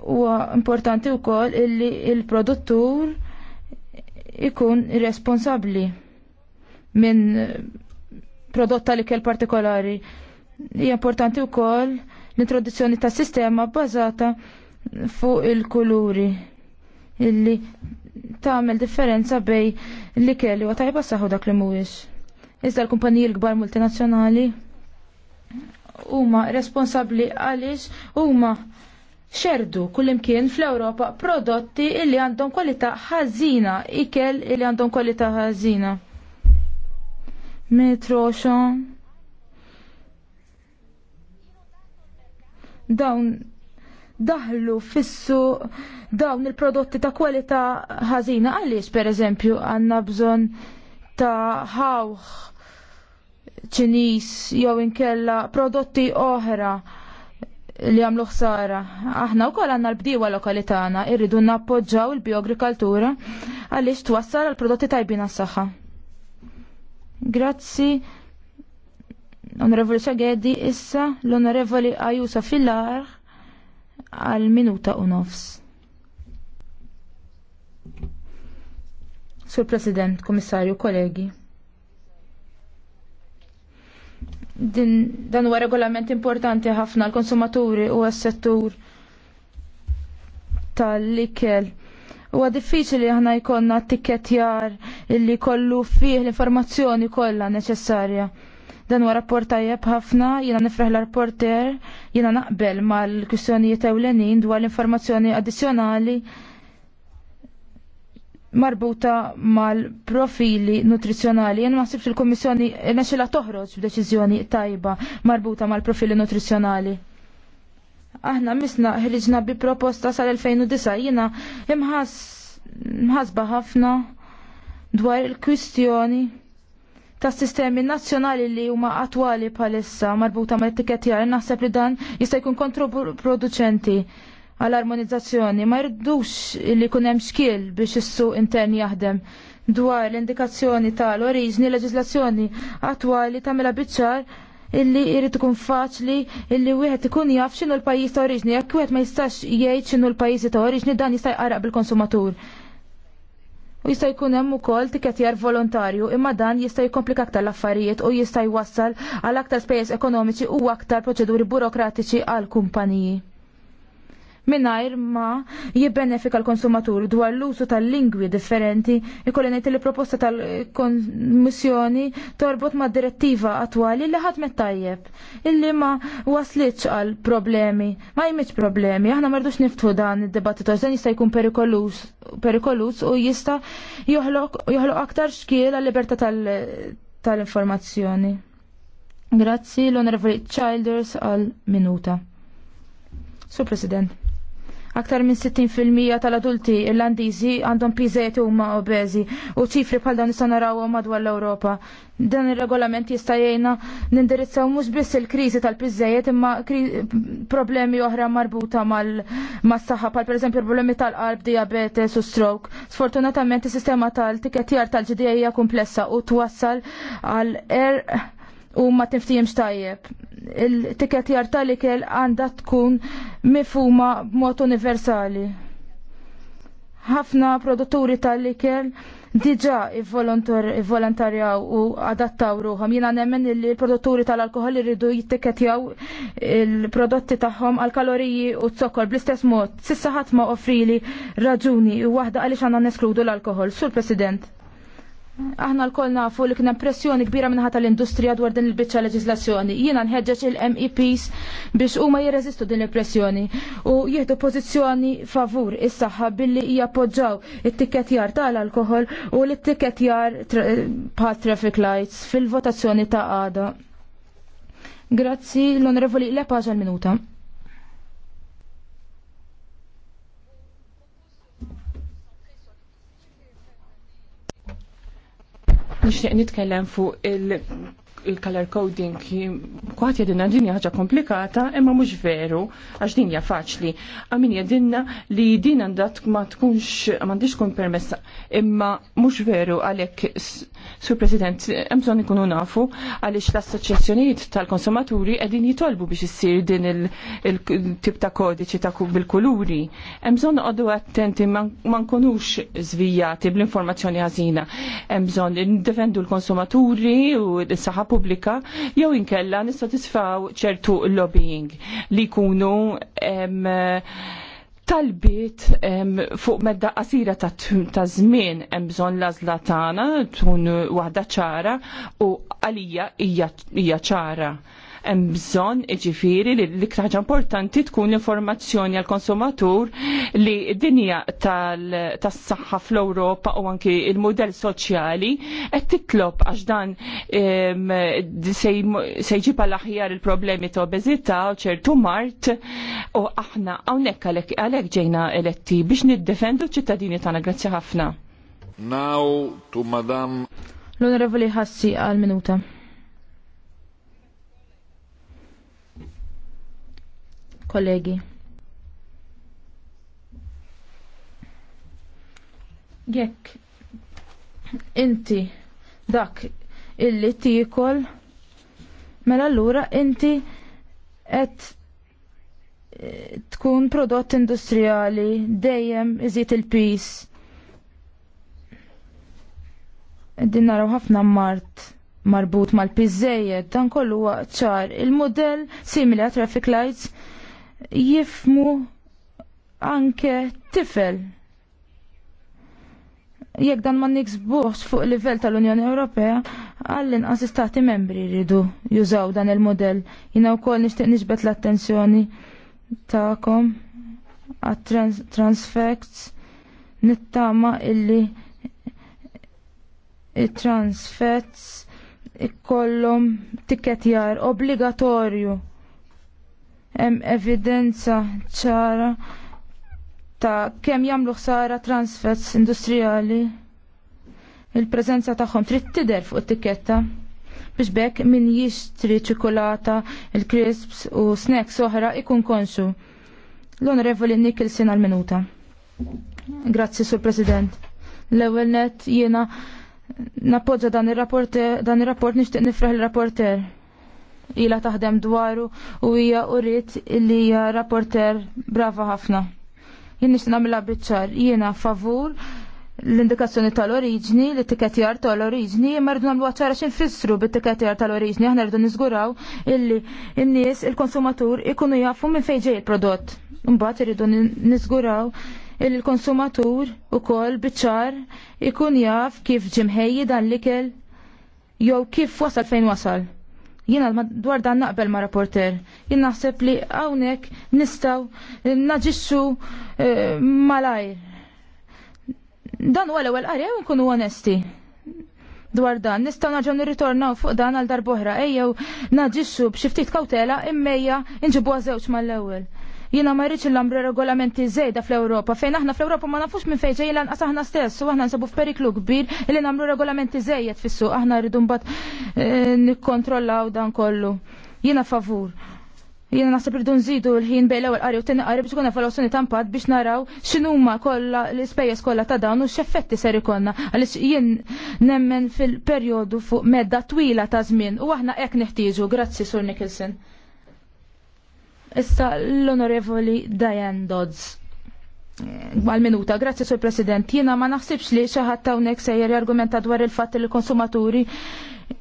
Speaker 1: huwa importanti wkoll illi il-produttur ikun responsabbli minn prodotta li kell partikolari. Hija importanti wkoll l-introduzzjoni ta' sistema bbażata fuq il-kuluri illi tagħmel differenza bej li kelli u tajba saħu dak li mhuwiex. Iżda l-kumpaniji l-kbar multinazzjonali huma responsabbli għaliex huma xerdu kullimkien fl-Ewropa prodotti illi għandhom kwalità ħażina, ikel illi għandhom kwalità ħażina. Mitroxo. Dawn daħlu fissu dawn il-prodotti ta' kwalità ħażina għaliex pereżempju għandna bżonn ta' ħawħ ċinis jew inkella prodotti oħra li għamlu ħsara. Aħna u koll għanna l-bdiwa lokali tagħna irridu nappoġġaw il-bioagrikoltura għaliex twassal għal prodotti tajbina s saħħa Grazzi. Onorevoli Sagedi, issa l-Onorevoli Ajusa Fillar għal minuta u nofs. Sur President, Komissarju, kollegi. din dan huwa regolament importanti ħafna l-konsumaturi u s-settur tal-ikel. Huwa diffiċli aħna jkollna jar illi kollu fih l-informazzjoni kollha neċessarja. Dan huwa rapport tajjeb ħafna, jiena nifreħ l-rapporter, jiena naqbel mal-kwistjonijiet ewlenin dwar l-informazzjoni addizzjonali marbuta mal-profili nutrizjonali. Jien ma il-Kommissjoni nexila toħroġ b'deċiżjoni tajba marbuta mal-profili nutrizjonali. Aħna misna ħriġna bi proposta sal-2009 jiena mħasba ħafna dwar il-kwistjoni ta' sistemi nazzjonali li huma attwali palissa marbuta mal-etikettjar naħseb li dan jista' jkun kontroproduċenti. Għal armonizzazzjoni ma jirdux li jkun hemm xkiel biex issu intern jaħdem dwar l-indikazzjoni tal-oriġni leġislazzjoni attwali tagħmilha biċċar illi jrid ikun faċli illi wieħed ikun jaf x'inhu l-pajjiż ta' oriġni. Jekk wieħed ma jistax jgħid x'inhu l pajjiżi ta' oriġni dan jista' jqaraq bil-konsumatur. U jista' jkun hemm ukoll tikketjar volontarju imma dan jista' jkomplika aktar l-affarijiet u jista' jwassal għal aktar spejjeż ekonomiċi u aktar proċeduri burokratiċi għal kumpaniji mingħajr ma jibbenefika l-konsumatur dwar l-użu tal-lingwi differenti ikolli ngħid li proposta tal-Kommissjoni torbot ma' direttiva attuali li ħadd mettajjeb, illi ma waslitx għal problemi, ma jimmiċ problemi, aħna mardux niftħu dan id-dibattitu għax jista' jkun perikolus u jista' joħloq aktar xkiel għal-libertà tal-informazzjoni. Grazzi l-Onorevoli Childers għal minuta. Sur President. Aktar minn 60% tal-adulti irlandiżi għandhom u huma obeżi u ċifri bħal dan nistgħu narawhom madwar l-Ewropa. Dan ir-regolament jista' jgħinna nindirizzaw mhux biss il-kriżi tal-piżejjed imma problemi oħra marbuta mas-saħħa bħal pereżempju problemi tal-qalb, diabetes u stroke. Sfortunatament is-sistema tal-tiketjar tal hija komplessa u twassal għal er u ma tiftijem stajjeb. Il-tiket jartalikel għanda tkun mifuma b'mod universali. Ħafna produtturi tal-likel diġa volontarjaw u adattaw ruħom. Jina nemmen li l-produtturi tal-alkohol irridu jaw il-prodotti tagħhom għal-kaloriji u t-sokkol bl-istess mod. Sissa ħadd ma offrili raġuni u waħda għaliex għandna neskludu l-alkohol. Sur President. Aħna l-koll nafu li kien pressjoni kbira minnaħat tal-industrija dwar din il-bicċa leġislazzjoni. Jiena nħeġġeġ il-MEPs biex huma jirreżistu din il-pressjoni u jieħdu pożizzjoni favur is-saħħa billi jappoġġaw it-tikketjar tal-alkohol u l-tikketjar pa' traffic lights fil-votazzjoni ta' għada. Grazzi l-Onorevoli l-epaġa l minuta.
Speaker 2: nixtieq nitkellem fuq il- il-color coding kwaħt jadinna din ħaġa komplikata imma mhux veru għax din hija faċli. Għamin jedinna li din għandat ma tkunx m'għandix tkun permessa imma mhux veru għalhekk sur President hemm bżonn ikunu nafu għaliex l-assoċjazzjonijiet tal-konsumaturi qegħdin jitolbu biex issir din il-tip ta' kodiċi ta' bil-kuluri. Hemm bżonn noqogħdu attenti ma nkunux żvijati bl-informazzjoni ħażina. Hemm bżonn indefendu l-konsumaturi u s-saħab pubblika jew inkella nissatisfaw ċertu lobbying li jkunu talbiet fuq medda qasira ta' żmien hemm bżonn l-għażla tagħna tkun waħda ċara u għalija hija ċara hemm bżonn iġifieri li l-iktar ħaġa importanti tkun informazzjoni għal konsumatur li d-dinja tas-saħħa fl-Ewropa u anki il-modell soċjali qed titlob għax dan se jġib għal aħjar il-problemi ta' obeżità u ċertu mart u aħna hawnhekk għalhekk ġejna eletti biex niddefendu ċ-ċittadini tagħna. Grazzi ħafna. Now to Madam. L-Onorevoli Hassi għal
Speaker 1: minuta. kollegi. Jekk inti dak illi tikol mela allura inti qed eh, tkun prodott industrijali dejjem iżid il-pis. Din naraw ħafna mart marbut mal-pizzejjed dan kollu ċar il-modell simili għat traffic lights jifmu anke tifel. Jekk dan ma niksbuħs fuq livell tal-Unjoni Ewropea, għall-inqas istati membri jridu jużaw dan il-modell. Jina wkoll nixtieq nixbet l-attenzjoni tagħkom għat transfects nittama illi transfects ikollhom tikketjar obbligatorju hemm evidenza ċara ta' kemm jagħmlu ħsara transfers industrijali. Il-preżenza tagħhom trid tidher fuq it-tikketta biex bekk min jixtri ċikolata, il-crisps u snacks oħra ikun konxu. L-Onorevoli Nicholson għal-minuta. Grazzi, Sur President. L-ewel net jiena nappoġġa dan ir rapport dan ir rapport nixtieq nifraħ il-rapporter ila taħdem dwaru u hija uriet li hija rapporter brava ħafna. Jien nixtieq nagħmilha biċċar, jiena favur l-indikazzjoni tal-oriġni, l tiketjar tal-oriġni, ma rridu nagħmlu ċara x'infissru bit-etiketjar tal-oriġni, aħna rridu niżguraw illi n-nies il-konsumatur ikunu jafu minn fejn ġej il-prodott. Mbagħad irridu niżguraw illi l-konsumatur ukoll biċ ikun jaf kif ġimħejji dan l-ikel jew kif wasal fejn wasal jina dwar dan naqbel ma' rapporter. Jien naħseb li hawnhekk nistgħu eh, naġixxu eh, malajr. Dan huwa l-ewwel qari nkunu onesti dwar dan. Nistgħu naġgħu nirritornaw fuq dan għal darbohra ejjew naġixxu b'xi ftit kawtela immejja inġibuha żewġ mal-ewwel. Jiena ma jridx l-ambra regolamenti żejda fl-Ewropa fejn aħna fl-Ewropa ma nafux minn fejn ġej lanqas aħna stess u aħna nsabu f'periklu kbir li nagħmlu regolamenti żejjed fis-suq aħna rridu mbagħad eh, nikkontrollaw dan kollu. Jiena favur. Jiena naħseb rridu nżidu l-ħin bejn l-ewwel qari u tieni qari biex ikun evaluazzjoni ta' impatt biex naraw x'inhuma kollha l-ispejjeż kollha ta' dawn u x'effetti ser ikollna għaliex jien nemmen fil-perjodu fuq medda twila ta' żmien u aħna hekk neħtieġu. Grazzi Sur Nicholson. Issa l-Onorevoli Diane Dodds. Għal-minuta, grazie Sur President. Jiena ma naħsibx li xaħat unek sejjer argumenta dwar il-fat li konsumaturi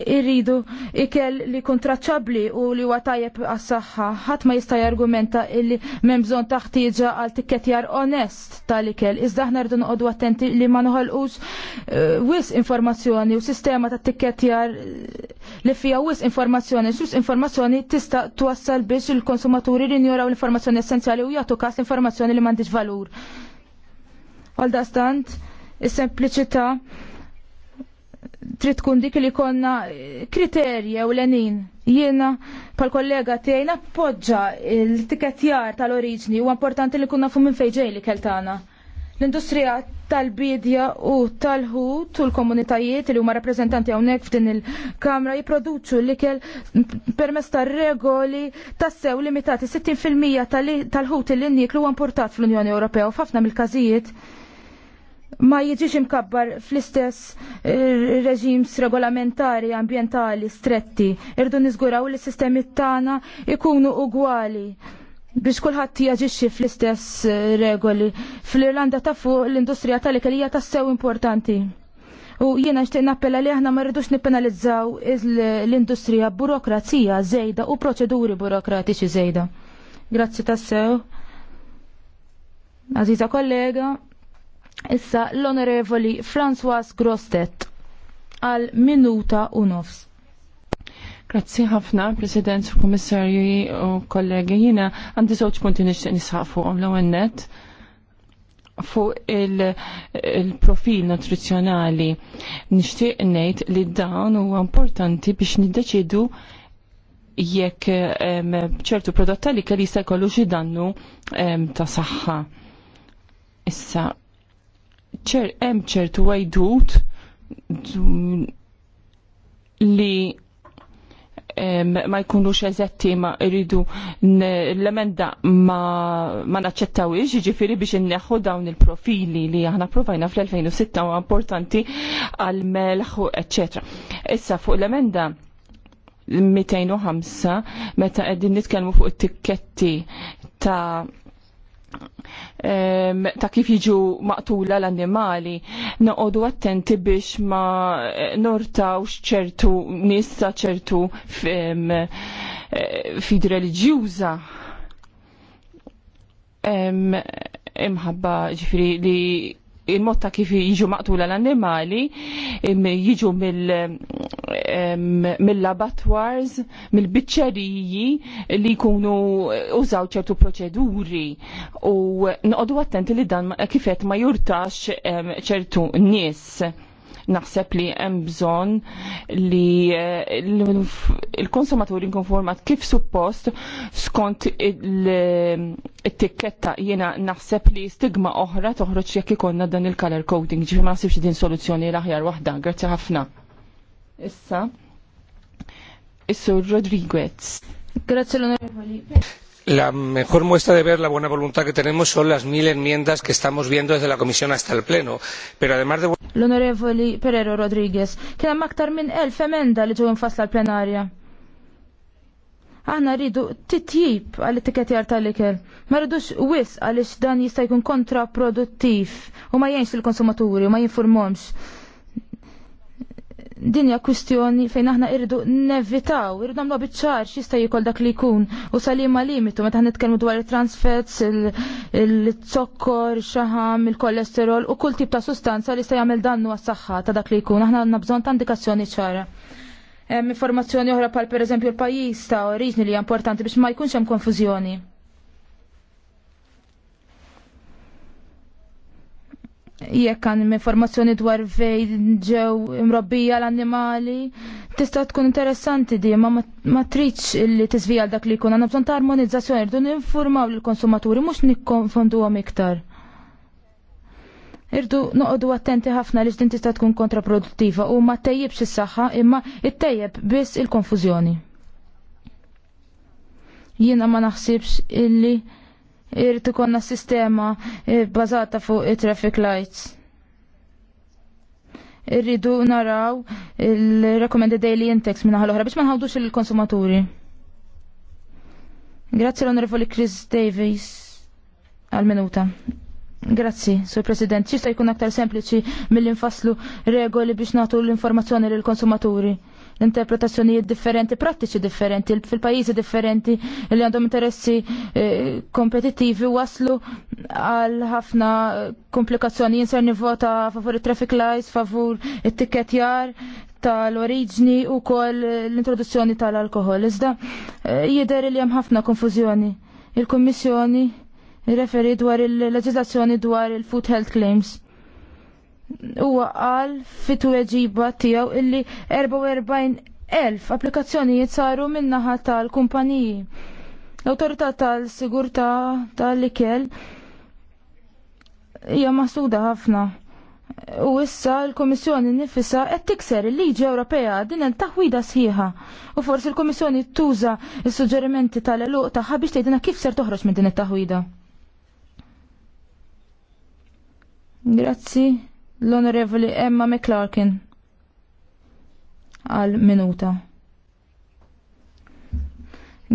Speaker 1: irridu ikel li kontraċabli u li huwa tajjeb għas-saħħa. Ħadd ma jista' jargumenta illi m'hemm bżonn taħtieġa għal tikketjar onest tal-ikel. Iżda aħna rridu noqogħdu attenti li ma noħolqux eh, wis informazzjoni u sistema ta' tikketjar li fija wis informazzjoni, xus informazzjoni tista' twassal biex il-konsumaturi rinjoraw l-informazzjoni essenzjali u jagħtu każ informazzjoni li m'għandix valur. Għal dastant, is-sempliċità trid tkun dik li konna eh, kriterja u lenin. Jiena pal kollega tiegħi poġġa l-tiketjar tal-oriġni u importanti li kunna fu minn fejn li keltana. L-industrija tal-bidja u tal-ħut u l-komunitajiet li huma rappreżentanti hawnhekk f'din il-Kamra jipproduċu l-ikel permezz tar-regoli tassew limitati 60% tal-ħut li nniklu huwa importat fl-Unjoni Ewropea u f'ħafna mill-każijiet ma jiġix imkabbar fl-istess eh, reġims regolamentari ambientali stretti. Irdu niżguraw li s-sistemi tagħna ikunu ugwali biex kulħadd jaġixxi fl-istess eh, regoli. Fl-Irlanda ta' fuq l-industrija tal-ikelija tassew importanti. U jiena nixtieq nappella li aħna ma rridux nippenalizzaw l-industrija burokrazija żejda u proċeduri burokratiċi żejda. Grazzi tassew. Aziza kollega. Issa l-Onorevoli François Grostet
Speaker 2: għal minuta u nofs. Grazzi ħafna, President, Komissarju u kollegi. Jina għandi żewġ punti nixtieq nisħaq għom l-ewwel net fuq il-profil nutrizjonali. nutrizzjonali. Nixtieq ngħid li dawn huwa importanti biex niddeċidu jekk ċertu prodotta li kelli jista' jkollu xi dannu ta' saħħa. Issa, ċer hemm ċertu għajdut li ma jkunux eżetti ma jridu l-emenda ma, ma iġ, ġifiri biex inneħħu dawn il-profili li aħna provajna fl-2006 u importanti għal melħu, eccetera. Issa fuq l-emenda 205 meta qegħdin nitkellmu fuq it-tikketti ta' ta' kif jiġu maqtula l-annimali, noqodu attenti biex ma nortawx ċertu nissa ċertu eh, fid reliġjuża imħabba ġifri li il-mod ta' kif jiġu maqtula l-annimali jiġu mill-labatwars, mill-biċċeriji li jkunu użaw ċertu proċeduri u noqogħdu attenti li dan kifet ma jurtax ċertu nies Naħseb li hemm bżonn li eh, l-konsumaturi nkonformat kif suppost skont it-tikketta jiena naħseb li stigma oħra toħroġ jekk ikonna dan il-color coding, ġifi ma naħsibx din soluzzjoni l-aħjar waħda, grazzi ħafna. Issa, Is-Sur Rodriguez. Grazie l-Onorevoli la mejor muestra de ver la buena voluntad que tenemos son las mil enmiendas que estamos viendo desde la Comisión hasta el Pleno.
Speaker 3: Pero además de...
Speaker 1: L'onorevoli Pereiro Rodriguez, kien hemm aktar minn elf emenda li ġew infassla l-plenarja. Aħna rridu titjib għall ittikettjar tal-ikel. Ma rridux wis għaliex dan jista' jkun kontraproduttiv u ma jgħinx il-konsumaturi u ma jinformomx dinja kwistjoni fejn aħna irridu nevitaw, irridu nagħmlu bitċar xista jikol dak li jkun u ma limitu meta nitkellmu dwar it-transfets, il il-xaham, il-kolesterol u kull tip ta' sustanza li jista' jagħmel dannu għas-saħħa ta' dak li jkun. Aħna għandna bżonn ta' indikazzjoni ċara. Hemm informazzjoni oħra pal pereżempju l-pajjiż ta' oriġni li hija importanti biex ma jkunx hemm konfużjoni. jekk għan informazzjoni dwar fej ġew imrobbija l-annimali, tista' tkun interessanti di, ma ma triċ li tiżvija dak li jkun għandna bżon ta' armonizzazzjoni rdu ninformaw lill-konsumaturi mhux nikkonfonduhom iktar. Irdu noqogħdu attenti ħafna li din tista' tkun kontraproduttiva u ma tejjibx is-saħħa imma ittejjeb biss il-konfużjoni. Jiena ma naħsibx illi irrid ikonna sistema eh, bbażata fuq it-traffic lights. Irridu naraw il-recommended daily index minna ħal-oħra biex ma nħawdux il-konsumaturi. Grazzi l-Onorevoli Chris Davis għal-minuta. Grazzi, Sur President. Xista jkun aktar sempliċi mill-infaslu regoli biex natu l-informazzjoni l-konsumaturi interpretazzjonijiet differenti, prattiċi differenti, fil-pajjiżi differenti li għandhom interessi eh, kompetittivi waslu għal ħafna eh, komplikazzjoni jinser nivota favur traffic lights, favur it jar, tal-oriġni u kol l-introduzzjoni tal-alkohol. Iżda eh, jider li hemm ħafna konfużjoni. Il-Kommissjoni referi dwar il-leġislazzjoni dwar il-food health claims huwa qal fitu reġiba tiegħu illi 44,000 applikazzjonijiet saru min-naħa tal-kumpaniji. l autorita tal-Sigurtà tal-Ikel hija maħsuda ħafna. U issa l-Komissjoni nifissa qed tikser il-Liġi Ewropea din il taħwida sħiħa. U forsi l-Komissjoni tuża s-suġġerimenti tal-eluq taħħa biex tgħidilna kif ser toħroġ minn din it-taħwida. Grazzi l-Onorevoli Emma McClarkin għal minuta.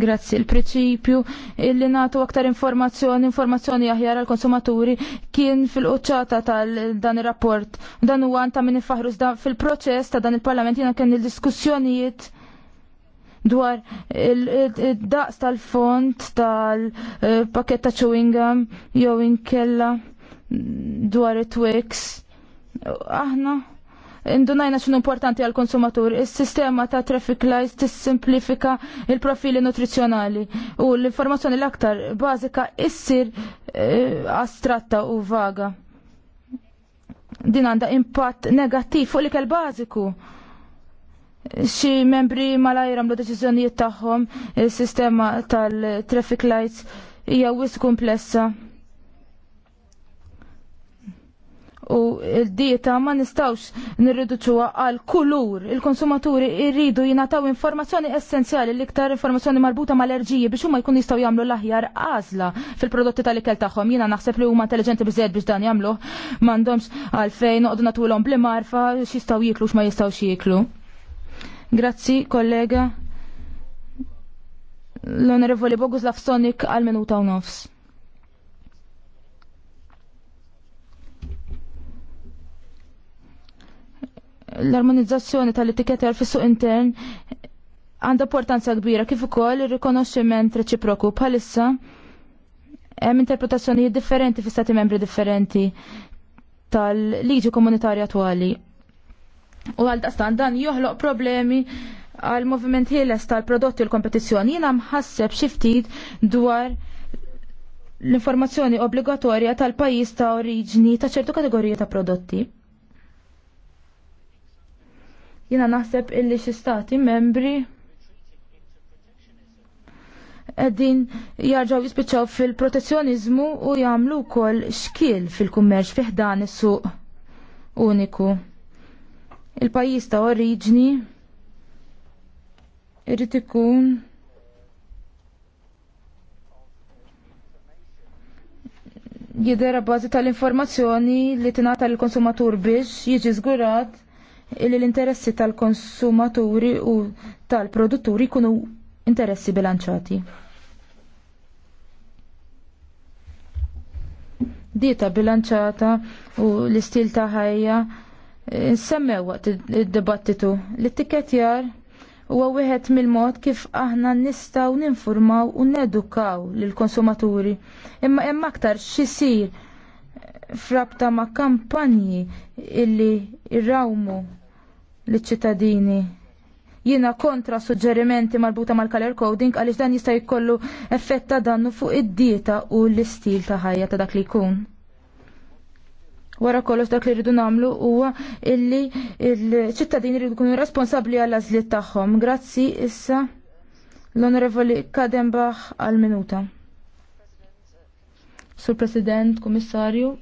Speaker 1: Grazzi, il-preċipju illi natu aktar informazzjoni, informazzjoni aħjar għal konsumaturi kien fil qoċata tal-dan il-rapport. Dan huwa ta' minn faħrus fil-proċess ta' dan il-parlament jina kien il-diskussjonijiet dwar il-daqs tal-font tal-paketta eh, chewing gum jew inkella dwar it-Twix Aħna indunajna xinu importanti għal konsumatur. Is-sistema ta' traffic lights tissimplifika il-profili nutrizjonali u l-informazzjoni l-aktar bażika issir eh, astratta u vaga. Din għandha impatt negattiv fuq l-ikel bażiku. Xi membri malajr għamlu deċiżjonijiet tagħhom is-sistema tal-traffic lights hija wis komplessa u l-dieta ma nistawx nirriduċuha għal kulur. Il-konsumaturi irridu jinataw informazzjoni essenzjali l-iktar informazzjoni marbuta l erġiji biex huma jkun jistaw jagħmlu l-aħjar għażla fil-prodotti tal-ikel tagħhom. Jiena naħseb li huma intelligenti biżejjed biex dan jagħmluh m'għandhomx għalfejn noqogħdu nagħtuhom bli marfa x'jistgħu jiklu x'ma jistgħux jiklu. Grazzi, kollega. L-Onorevoli Boguslav Sonik għal minuta u nofs. l-armonizzazzjoni tal-etiketter fis-suq intern għandha importanza kbira kif ukoll ir-rikonoxximent reċiproku bħalissa hemm interpretazzjonijiet differenti fi stati membri differenti tal-liġi komunitarja attwali. U għal daqstan dan joħloq problemi għal moviment ħieles tal-prodotti u l-kompetizzjoni. Jiena mħasseb xi ftit dwar l-informazzjoni obbligatorja tal-pajjiż ta' oriġni ta' ċertu kategorija ta' prodotti. Jina naħseb illi xi stati membri din jarġaw jispiċċaw fil-protezzjonizmu u jagħmlu wkoll xkiel fil-kummerċ dan is-suq uniku. Il-pajjiż ta' oriġni irid ikun jidher bażi tal-informazzjoni li tingħata lill konsumatur biex jiġi żgurat li l-interessi tal-konsumaturi u tal-produtturi jkunu interessi bilanċati. Dieta bilanċata u l-istil ta' ħajja nsemmew eh, waqt id-dibattitu. l jar huwa wieħed mill-mod kif aħna nistgħu ninformaw u nedukaw lill-konsumaturi. Imma hemm aktar xisir frabta ma' kampanji illi irrawmu l-ċittadini. Jiena kontra suġġerimenti marbuta mal-color coding għaliex dan jista' jkollu effett ta' dannu fuq id-dieta u l-istil ta' ħajja ta' dak li jkun. Wara kollox dak li rridu nagħmlu huwa illi l-ċittadini rridu jkunu responsabbli għall għażliet tagħhom. Grazzi issa l-Onorevoli Kadenbach għal-minuta. Sur President, Kummissarju.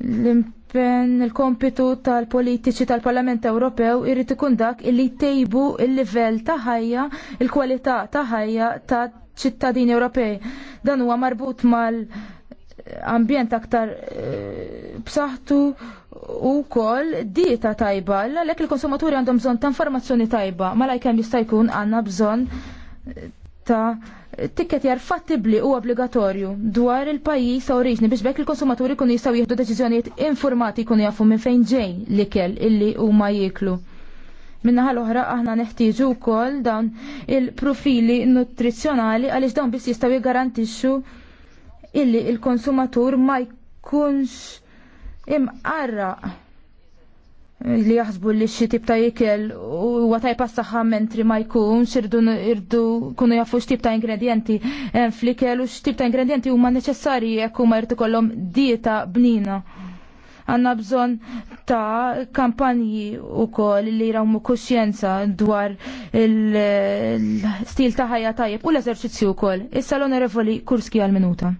Speaker 1: L-impen il-kompitu tal-politiċi tal-Parlament Ewropew irrit ikun dak illi tejbu il-livell ta' ħajja, il-kwalità ta' ħajja ta' ċittadini Ewropej. Dan huwa marbut mal-ambjent aktar
Speaker 4: eh,
Speaker 1: b'saħħtu u kol dieta tajba, l-għalek il-konsumaturi għandhom bżon ta' informazzjoni tajba, ma lajkem jista' jkun għanna bżon ta' tikket jar fattibli u obbligatorju dwar il-pajis ta' oriġni biex bekk il-konsumaturi kun jistaw jieħdu deċiżjonijiet informati kun jafu minn fejn ġej l-ikel illi u ma jiklu. Minna ħal-oħra aħna neħtieġu wkoll dawn il-profili nutrizzjonali għaliex dawn biss jistgħu jgarantixxu illi il-konsumatur ma jkunx imqarra li jaħsbu li xi tip ta' ikel u tajpa s mentri ma jkunx irdu irdu kunu jafu x'tip ta' ingredienti eh, fl u x'tip ta' ingredienti huma neċessarji jekk huma jrid ikollhom dieta bnina. Għanna bżon ta' kampanji u koll li jrawmu kuxjenza dwar il-stil ta' ħajja tajjeb u l-eżerċizzju u koll. Issa l-onorevoli Kurski għal-minuta.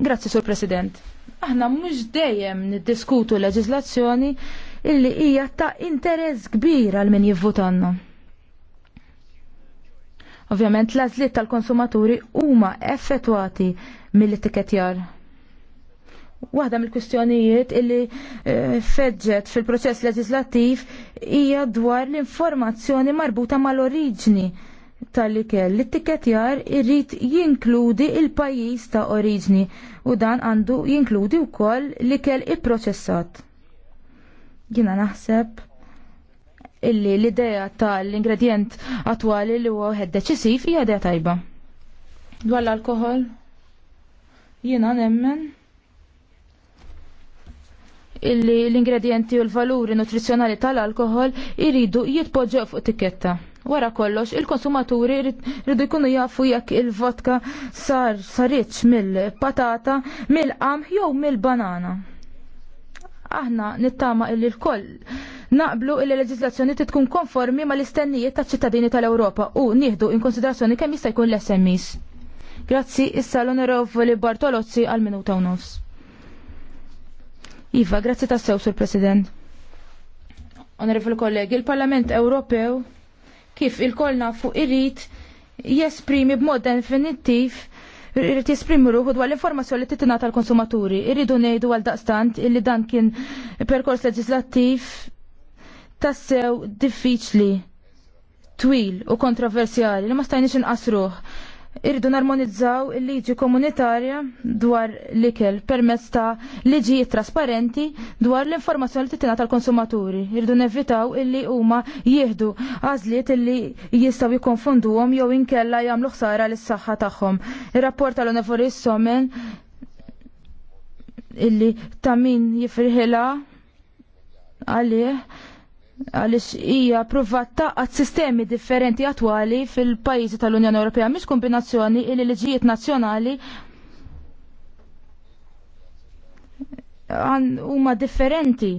Speaker 1: Grazzi, Sur President. Aħna mhux dejjem niddiskutu leġiżlazzjoni illi hija ta' interess kbir għal min jivvutanna. Ovvjament l-għażliet tal-konsumaturi huma effettwati mill-etikettjar. Waħda mill kwistjonijiet illi eh, feġġet fil-proċess leġislattiv hija dwar l-informazzjoni marbuta mal-oriġni tal-ikel. L-ittiketjar irrit jinkludi il-pajjiż ta' oriġni u dan għandu jinkludi wkoll l-ikel ipproċessat. Jina naħseb illi l-idea tal-ingredient attwali li huwa wieħed deċisiv hija idea tajba. Dwar l-alkohol, jiena nemmen illi l-ingredienti u l-valuri nutrizzjonali tal-alkohol iridu jitpoġġew fuq tiketta. Wara kollox, il-konsumaturi rridu jkunu jafu jekk il-vodka sar saritx mill-patata, mill-qam jew mill-banana. Aħna nittama illi l-koll naqblu il leġislazzjoni tkun konformi ma l-istennijiet ta' ċittadini tal-Ewropa u nieħdu in konsiderazzjoni kemm jista' jkun l-SMEs. Grazzi, issa l li Bartolozzi għal minuta u nofs. Iva, grazzi ta' sew, Sur President. Onorevoli kollegi, il-Parlament Ewropew kif il-kolna fuq irrit jesprimi b'mod definittiv irrit jesprimi ruħu dwar l-informazzjoni li titina tal-konsumaturi. Irridu ngħidu għal daqstant illi dan kien perkors leġislattiv tassew diffiċli twil u kontroversjali li ma stajniex inqasruh irridu narmonizzaw il-liġi komunitarja dwar l-ikel permezz ta' liġijiet trasparenti dwar l-informazzjoni li titina tal-konsumaturi. Irridu nevitaw illi huma jieħdu għażliet illi jistgħu jikkonfonduhom jew inkella jagħmlu ħsara lis saħħa tagħhom. Ir-rapport tal-Onefor Sommen illi ta' min jifriħilha għalih għalix hija provat taqqat sistemi differenti attwali fil-pajjiżi tal-Unjoni Ewropea mhix kombinazzjoni il liġijiet nazzjonali huma differenti.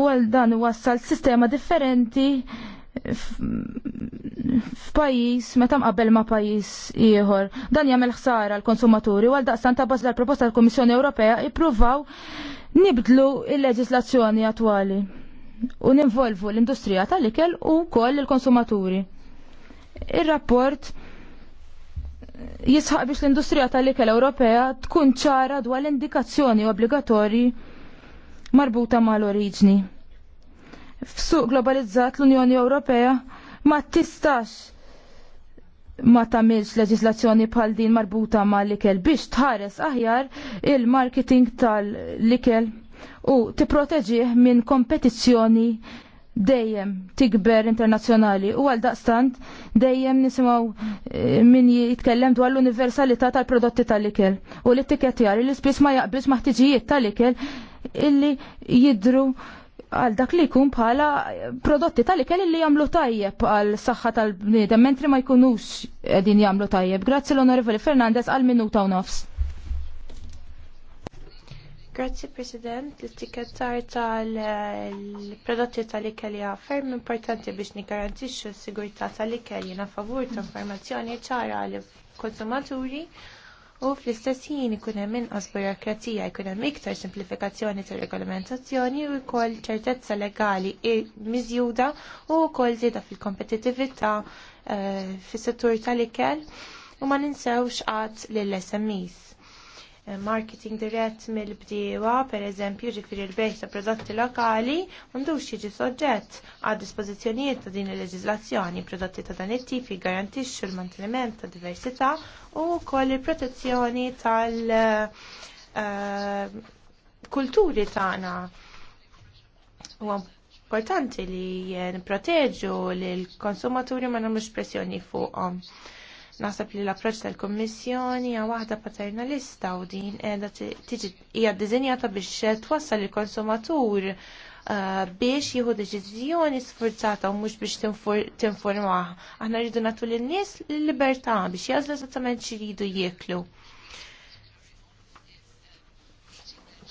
Speaker 1: U għal dan wassal sistema differenti f'pajjiż meta mqabbel ma' pajjiż ieħor. Dan jagħmel ħsara l-konsumaturi u għal daqstan ta' bażla l-proposta tal-Kummissjoni Ewropea ippruvaw nibdlu il-leġislazzjoni attwali u ninvolvu l-industrija tal-ikel u koll il-konsumaturi. Ir-rapport jisħaq biex l-industrija tal-ikel Ewropea tkun ċara dwar l-indikazzjoni obbligatorji marbuta mal-oriġni. F'suq globalizzat l-Unjoni Ewropea ma tistax ma tamilx leġislazzjoni bħal din marbuta mal-ikel biex tħares aħjar il-marketing tal-ikel u tipproteġih minn kompetizzjoni dejjem tikber internazzjonali u għal daqstant dejjem nisimaw eh, min jitkellem dwar l-universalità tal-prodotti tal-ikel u l-etikettjar li spiss ma jaqbis maħtiġijiet tal-ikel illi jidru għal dak li jkun bħala prodotti tal-ikel illi jagħmlu tajjeb għal saħħa tal-bniedem mentri ma jkunux qegħdin jagħmlu tajjeb. Grazzi l-Onorevoli Fernandez għal minuta u nofs.
Speaker 3: Grazzi President, l-etikettar tal-prodotti tal-ikelja ferm importanti biex nigarantixxu s-sigurtà tal-ikelja favur ta' informazzjoni ċara għal konsumaturi u fl-istess jien ikun hemm inqas burokratija, jkun hemm iktar simplifikazzjoni tar-regolamentazzjoni u wkoll ċertezza legali miżjuda u wkoll żieda fil-kompetittività eh, fis-settur tal-ikel u ma ninsewx qatt lill-SMEs Eh, marketing dirett mill-bdiewa, pereżempju ġifiri l-bejt ta' prodotti lokali, m'għandux jiġi soġġett għad dispożizzjonijiet ta' din il leġizlazzjoni Prodotti ta' dan it-tip jiggarantixxu l-manteniment ta' diversità u wkoll il-protezzjoni tal-kulturi eh, tagħna. U importanti li nipproteġu lill konsumaturi ma nagħmlux pressjoni fuqhom. Um Naħseb li l-approċċ tal-Kommissjoni hija waħda paternalista u din qiegħda tiġi hija ddiżinjata biex twassal il-konsumatur eh, biex jieħu deċiżjoni sforzata u mhux biex tinformah. Aħna rridu nagħtu lin-nies l-libertà biex jażlu eżattament x'iridu jieklu.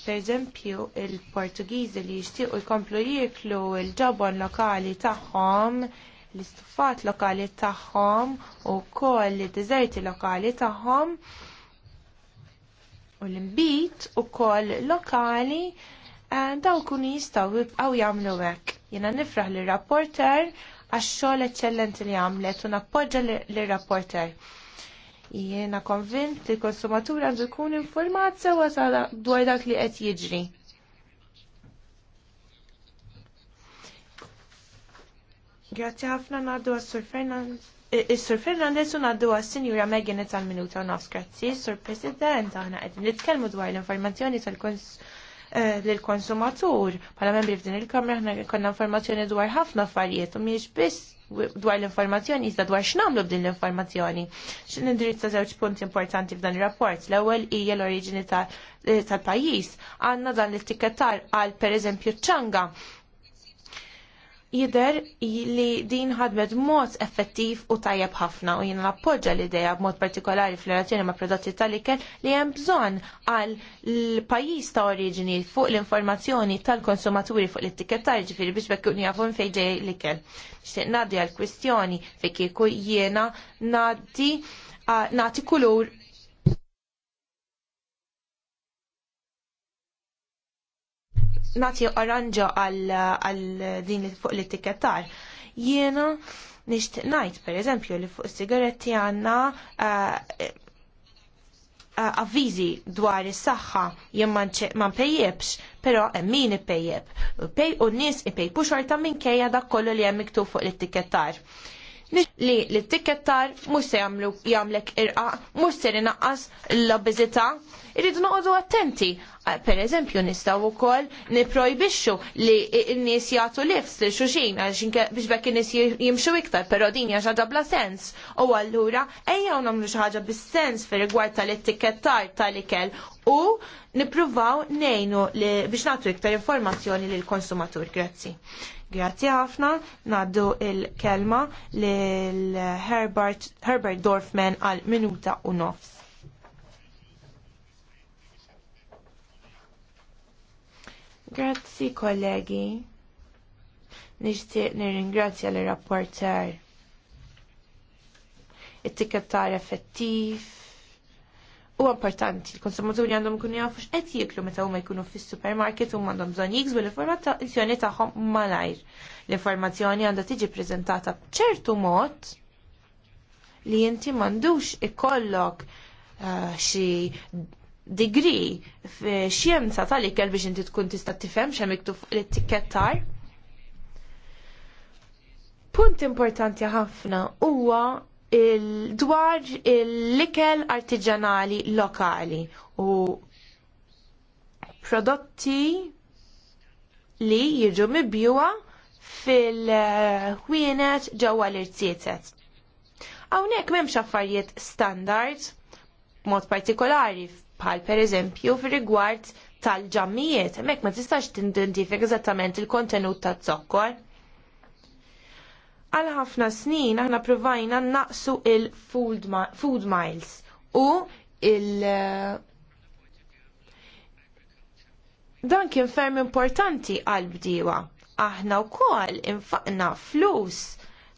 Speaker 3: per eżempju, il-Portugiżi li jixtiequ jkomplu jieklu l ġabon lokali tagħhom l-istuffat lokali tagħhom u wkoll id-deżerti lokali tagħhom u l-imbit u lokali eh, daw kun jistaw jibqaw jagħmlu hekk. Jiena nifraħ lir rapporter għax-xogħol eċċellenti li għamlet u nappoġġa lir rapporter Jiena konvint li konsumatur għandu jkun informat sewa dwar dak li qed jiġri. Grazie ħafna naddu għas-Sur Fernandez. Is-Sur eh, eh, Fernandez u naddu għas-Sinjura Megan tal-minuta u nofs. Grazzi, Sur President, aħna għedin nitkellmu dwar l-informazzjoni tal-konsumatur. Eh, Bħala membri f'din il-Kamra aħna konna informazzjoni dwar ħafna affarijiet u mhijiex biss dwar l-informazzjoni, iżda dwar x'namlu b'din l-informazzjoni. X'in indirizza żewġ punti importanti f'dan ir-rapport. L-ewwel hija l-oriġini tal-pajjiż. Għandna dan l tikettar għal pereżempju ċanga jider li din ħadmet mod effettiv u tajjeb ħafna u jiena appoġġa l-idea b'mod partikolari fl-relazzjoni ma' prodotti tal-ikel li hemm bżonn għal l-pajjiż ta' oriġini fuq l-informazzjoni tal-konsumaturi fuq l etikettar ġifieri biex bekk jafu fejn ġej l-ikel. Xtieq ngħaddi għal kwistjoni fejn kieku jiena ngħaddi nagħti kulur nagħti oranġa għal din li fuq l-etikettar. Jiena nixtieq ngħid pereżempju li fuq sigaretti għandna eh, eh, avviżi dwar is-saħħa jien ma npejjebx, però hemm min ipejjeb. Pej u n-nies ipejpu xorta minkejja dak kollu li hemm miktub fuq l-etikettar li l-tikettar mux se jamlek irqa, mux se rinaqqas l-obezita. Irridu noqogħdu attenti. Per eżempju, nistaw kol niprojbixxu li n-nies jagħtu lifts li xuxin biex bekk n-nis jimxu iktar, però din hija bla sens. U allura ejjew nagħmlu xi ħaġa bis-sens fir rigward tal-ittikettar tal-ikel u nippruvaw nejnu li biex nagħtu iktar informazzjoni lil konsumatur. Grazzi. Grazzi ħafna, naddu il-kelma lil Herbert, Herbert Dorfman għal minuta u nofs. Grazzi kollegi. Nixtieq nirringrazzja l rapporter it-tikettar effettiv, u importanti. Il-konsumaturi għandhom ikunu jafu x'qed jieklu meta huma jkunu fis-supermarket u m'għandhom bżonn jiksbu l-informazzjoni tagħhom malajr. L-informazzjoni għandha tiġi preżentata b'ċertu mod li inti m'għandux ikollok eh, xi degree f'xjenza tal-ikel biex inti tkun tista' tifhem x'hemm miktub fuq l-ittikettar. Punt importanti ħafna huwa il dwar l-ikel artiġanali lokali u prodotti li jiġu mibjuwa fil-ħwienet ġewwa l-irtietet. Hawnhekk m'hemmx affarijiet standard mod partikolari bħal pereżempju fir-rigward tal-ġammijiet, hemmhekk ma tistax tindentifika eżattament il-kontenut ta' zokkor għal ħafna snin aħna provajna naqsu il-food food miles u il- eh, dan kien ferm importanti għal bdiewa. Aħna wkoll infaqna flus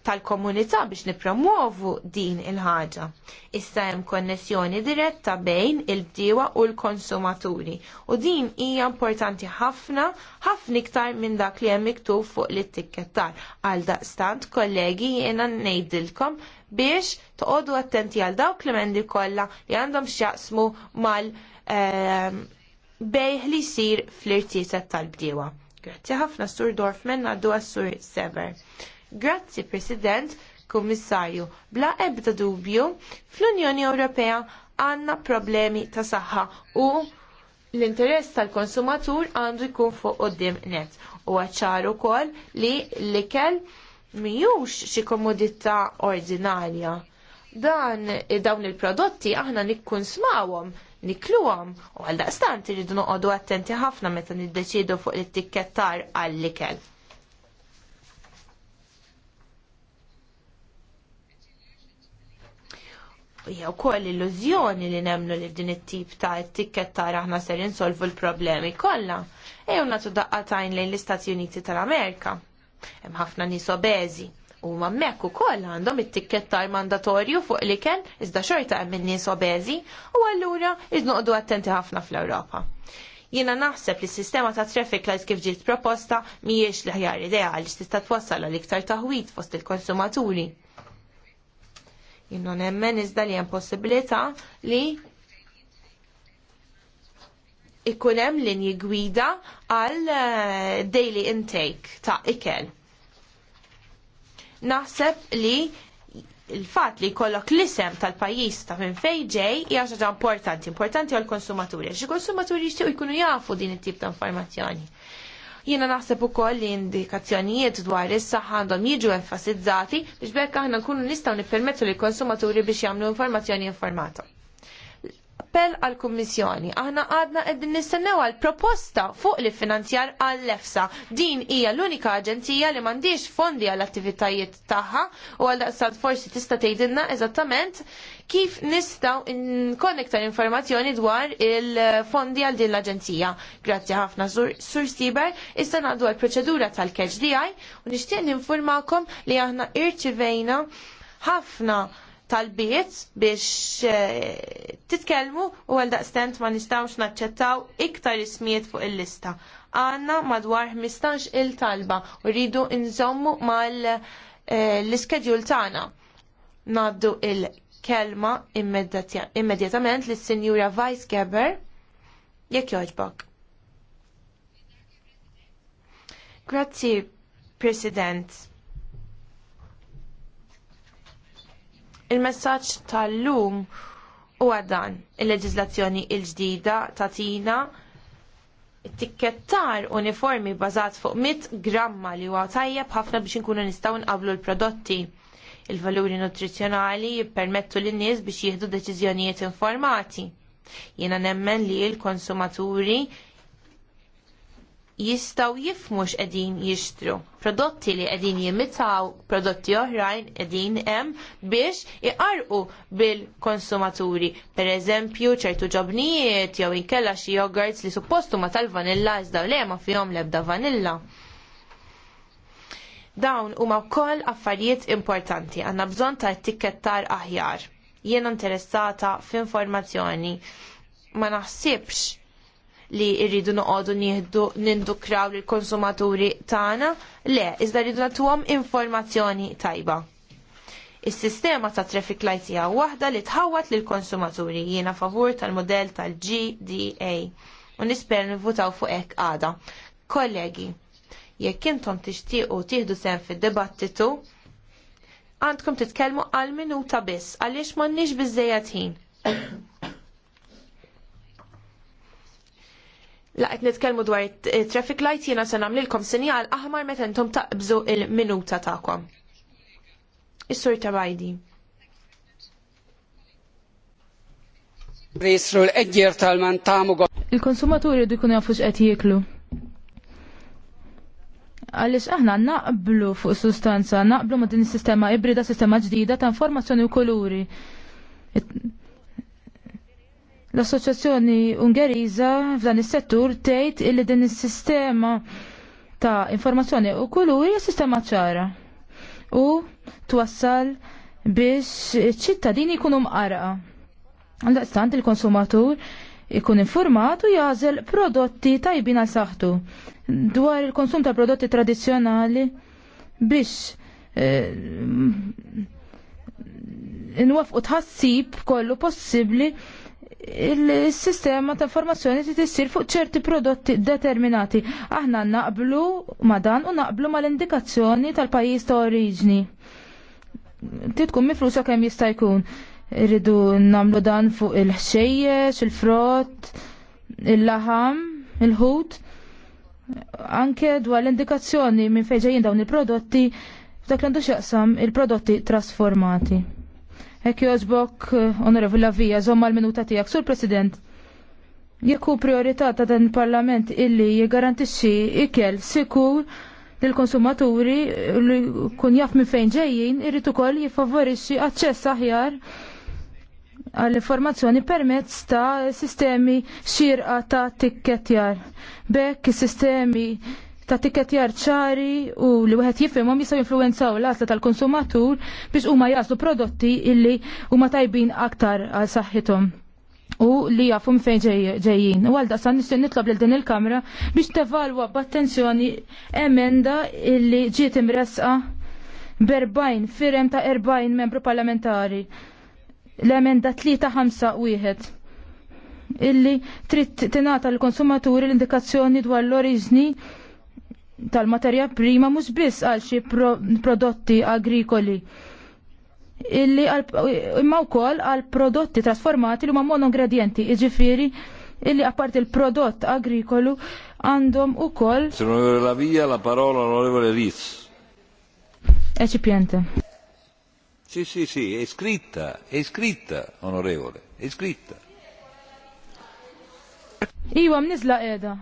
Speaker 3: tal-komunità biex nipromuovu din il-ħaġa. Issa hemm konnessjoni diretta bejn il-bdiewa u l-konsumaturi u din hija importanti ħafna ħafna iktar minn dak li hemm miktub fuq l-ittikettar. Għal daqstant, kollegi, jiena ngħidilkom biex toqogħdu attenti għal dawk l mendi kollha li għandhom x'jaqsmu mal ehm, bejħ li jsir fl-irtieset tal-bdiewa. Grazzi ħafna Sur Dorfman għaddu għas-Sur Sever. Grazzi, President, Kummissarju. Bla ebda dubju, fl-Unjoni Ewropea għanna problemi ta' saħħa u l-interess tal-konsumatur għandu jkun fuq qoddim net. U għacċaru kol li l-ikel mijux xi komodità ordinarja. Dan eh, dawn il-prodotti aħna nikkun smawom, nikluhom u għal daqstant irridu noqogħdu attenti ħafna meta niddeċidu fuq l tikkettar għall-ikel. hija wkoll illużjoni li nemmnu li din it-tip ta' ettikettar aħna ser insolvu l-problemi kollha. Ew nagħtu daqqatajn lejn l-Istati Uniti tal-Amerika. Hemm ħafna nies obeżi. U ma ukoll għandhom it-tikettar mandatorju fuq li kien iżda xorta hemm in-nies obeżi u allura iżnoqdu attenti ħafna fl-Ewropa. Jiena naħseb li s-sistema ta' traffic lights kif ġiet proposta mhijiex l-ħjar ideali tista' twassal għal iktar taħwit fost il-konsumaturi jinnon nemmen iżda li hemm possibilità li ikun hemm linji gwida għal eh, daily intake ta' ikel. Naħseb li il-fat li jkollok l-isem tal-pajis ta' minn fejġej hija ħaġa importanti, importanti għall konsumaturi għax il-konsumaturi jixtiequ jkunu jafu din it-tip ta' informazzjoni. Jiena naħseb ukoll li indikazzjonijiet dwar is-saħħa għandhom jiġu enfasizzati biex bekk aħna nkunu nistgħu nippermettu lill konsumaturi biex jagħmlu informazzjoni informata appell għal kummissjoni Aħna għadna qegħdin nistennew għal proposta fuq li finanzjar għall efsa Din hija l-unika aġenzija li m'għandix fondi għall attivitajiet tagħha u għal daqstant forsi tista' tgħidilna eżattament kif nistgħu nkonnektar informazzjoni dwar il-fondi għal din l-aġenzija. Grazzi ħafna Sur Stiber, issa ngħaddu għall proċedura tal-KHDI u nixtieq ninformakom li aħna irċivejna ħafna tal-biet biex eh, titkellmu u għal daqstent ma nistawx naċċettaw iktar ismijiet fuq il-lista. Għanna madwar 15 il-talba u rridu nżommu mal eh, l-iskedjul tagħna. Naddu il-kelma immedjatament lis sinjura Vice Geber jekk joġbok. Grazzi, President. Il-messaġġ tal-lum huwa dan il leġizlazzjoni l-ġdida tatina tikkettar uniformi bazat fuq 100 gramma li huwa tajjeb ħafna biex inkunu nistgħu nqablu l-prodotti. Il-valuri nutrizzjonali jippermettu lin nies biex jieħdu deċiżjonijiet informati. Jiena nemmen li l-konsumaturi jistaw jifmux edin jixtru. Prodotti li edin jimitaw prodotti oħrajn edin hemm biex iqarqu bil-konsumaturi. Per eżempju, ċertu ġobnijiet jew inkella xi yogurts li suppostu ma tal-vanilla iżda le ma fihom lebda vanilla. Dawn huma wkoll affarijiet importanti għandna bżonn ta' etikettar aħjar. Jiena interessata f'informazzjoni ma naħsibx li rridu noqogħdu nindukraw lill konsumaturi tagħna, le, iżda rridu nagħtuhom informazzjoni tajba. Is-sistema ta' traffic lights hija waħda li tħawat lill konsumaturi jiena favur tal-modell tal-GDA u nisper nivvutaw fuq hekk għada. Kollegi, jekk intom tixtiequ tieħdu sen fid-dibattitu, għandkom titkellmu għal minuta biss għaliex m'għandniex biżejjed ħin. laqet nitkellmu dwar traffic light jiena se nagħmlilkom sinjal aħmar meta intom taqbżu il-minuta tagħkom.
Speaker 2: Is-sur Tabajdi. Részről egyértelműen támogat.
Speaker 1: Il-konsumaturi jridu jkunu jafu x'qed jieklu. Għaliex aħna naqblu fuq sustanza, naqblu ma' din is-sistema ibrida, sistema ġdida ta' informazzjoni u kuluri L-Assoċjazzjoni Ungeriża f'dan is-settur tgħid illi din is-sistema ta' informazzjoni u kullu hija sistema ċara u twassal biex iċ-ċittadini jkunu mqarqa. Għaldaqstant il-konsumatur ikun informat u jażel prodotti tajbin għal saħħtu dwar il-konsum ta' prodotti tradizzjonali biex eh, nwafqu tħassib kollu possibbli il-sistema ta' informazzjoni ti tissir fuq ċerti prodotti determinati. Aħna naqblu ma' dan u naqblu ma' l-indikazzjoni tal-pajis ta' oriġni. Titkun mifrusa kemm jista' jkun. Irridu namlu dan fuq il-ħxejjex, il-frott, il-laħam, il-ħut. Anke dwar l-indikazzjoni minn fejn ġejjin dawn il-prodotti, dak l-għandu xaqsam il-prodotti trasformati. Ek jozbok, eh, onorevu Lavija, zommal minuta tijak, sur president. Jekku priorità ta' dan parlament illi jgarantixxi ikel sikur lil konsumaturi li kun jaf minn fejn ġejjin irrid ukoll jiffavorixxi aċċess aħjar għall-informazzjoni permezz ta' sistemi xirqa ta' tikketjar. Bekk is-sistemi ta' tiket ċari u li wieħed jifhimhom jistgħu influenzaw l-għasla tal-konsumatur biex huma jaslu prodotti illi huma tajbin aktar għal saħħithom u li jafum fejn ġejjin. U għalda san nistin nitlob lil din il-kamra biex tevalwa b'attenzjoni emenda illi ġiet imresqa berbajn firem ta' 40 membru parlamentari l-emenda 5 wieħed illi trid tingħata l-konsumaturi l-indikazzjoni dwar l-oriġni tal-materja prima mhux biss għal xi prodotti agrikoli illi imma wkoll għal prodotti trasformati li huma ingredienti iġifieri illi apparti il-prodott agrikolu għandhom ukoll.
Speaker 3: Signor la via la parola onorevole Riz.
Speaker 1: Ecipiente.
Speaker 3: Sì, sì, sì, è scritta, è scritta, onorevole, è scritta.
Speaker 1: Iwa nisla eda.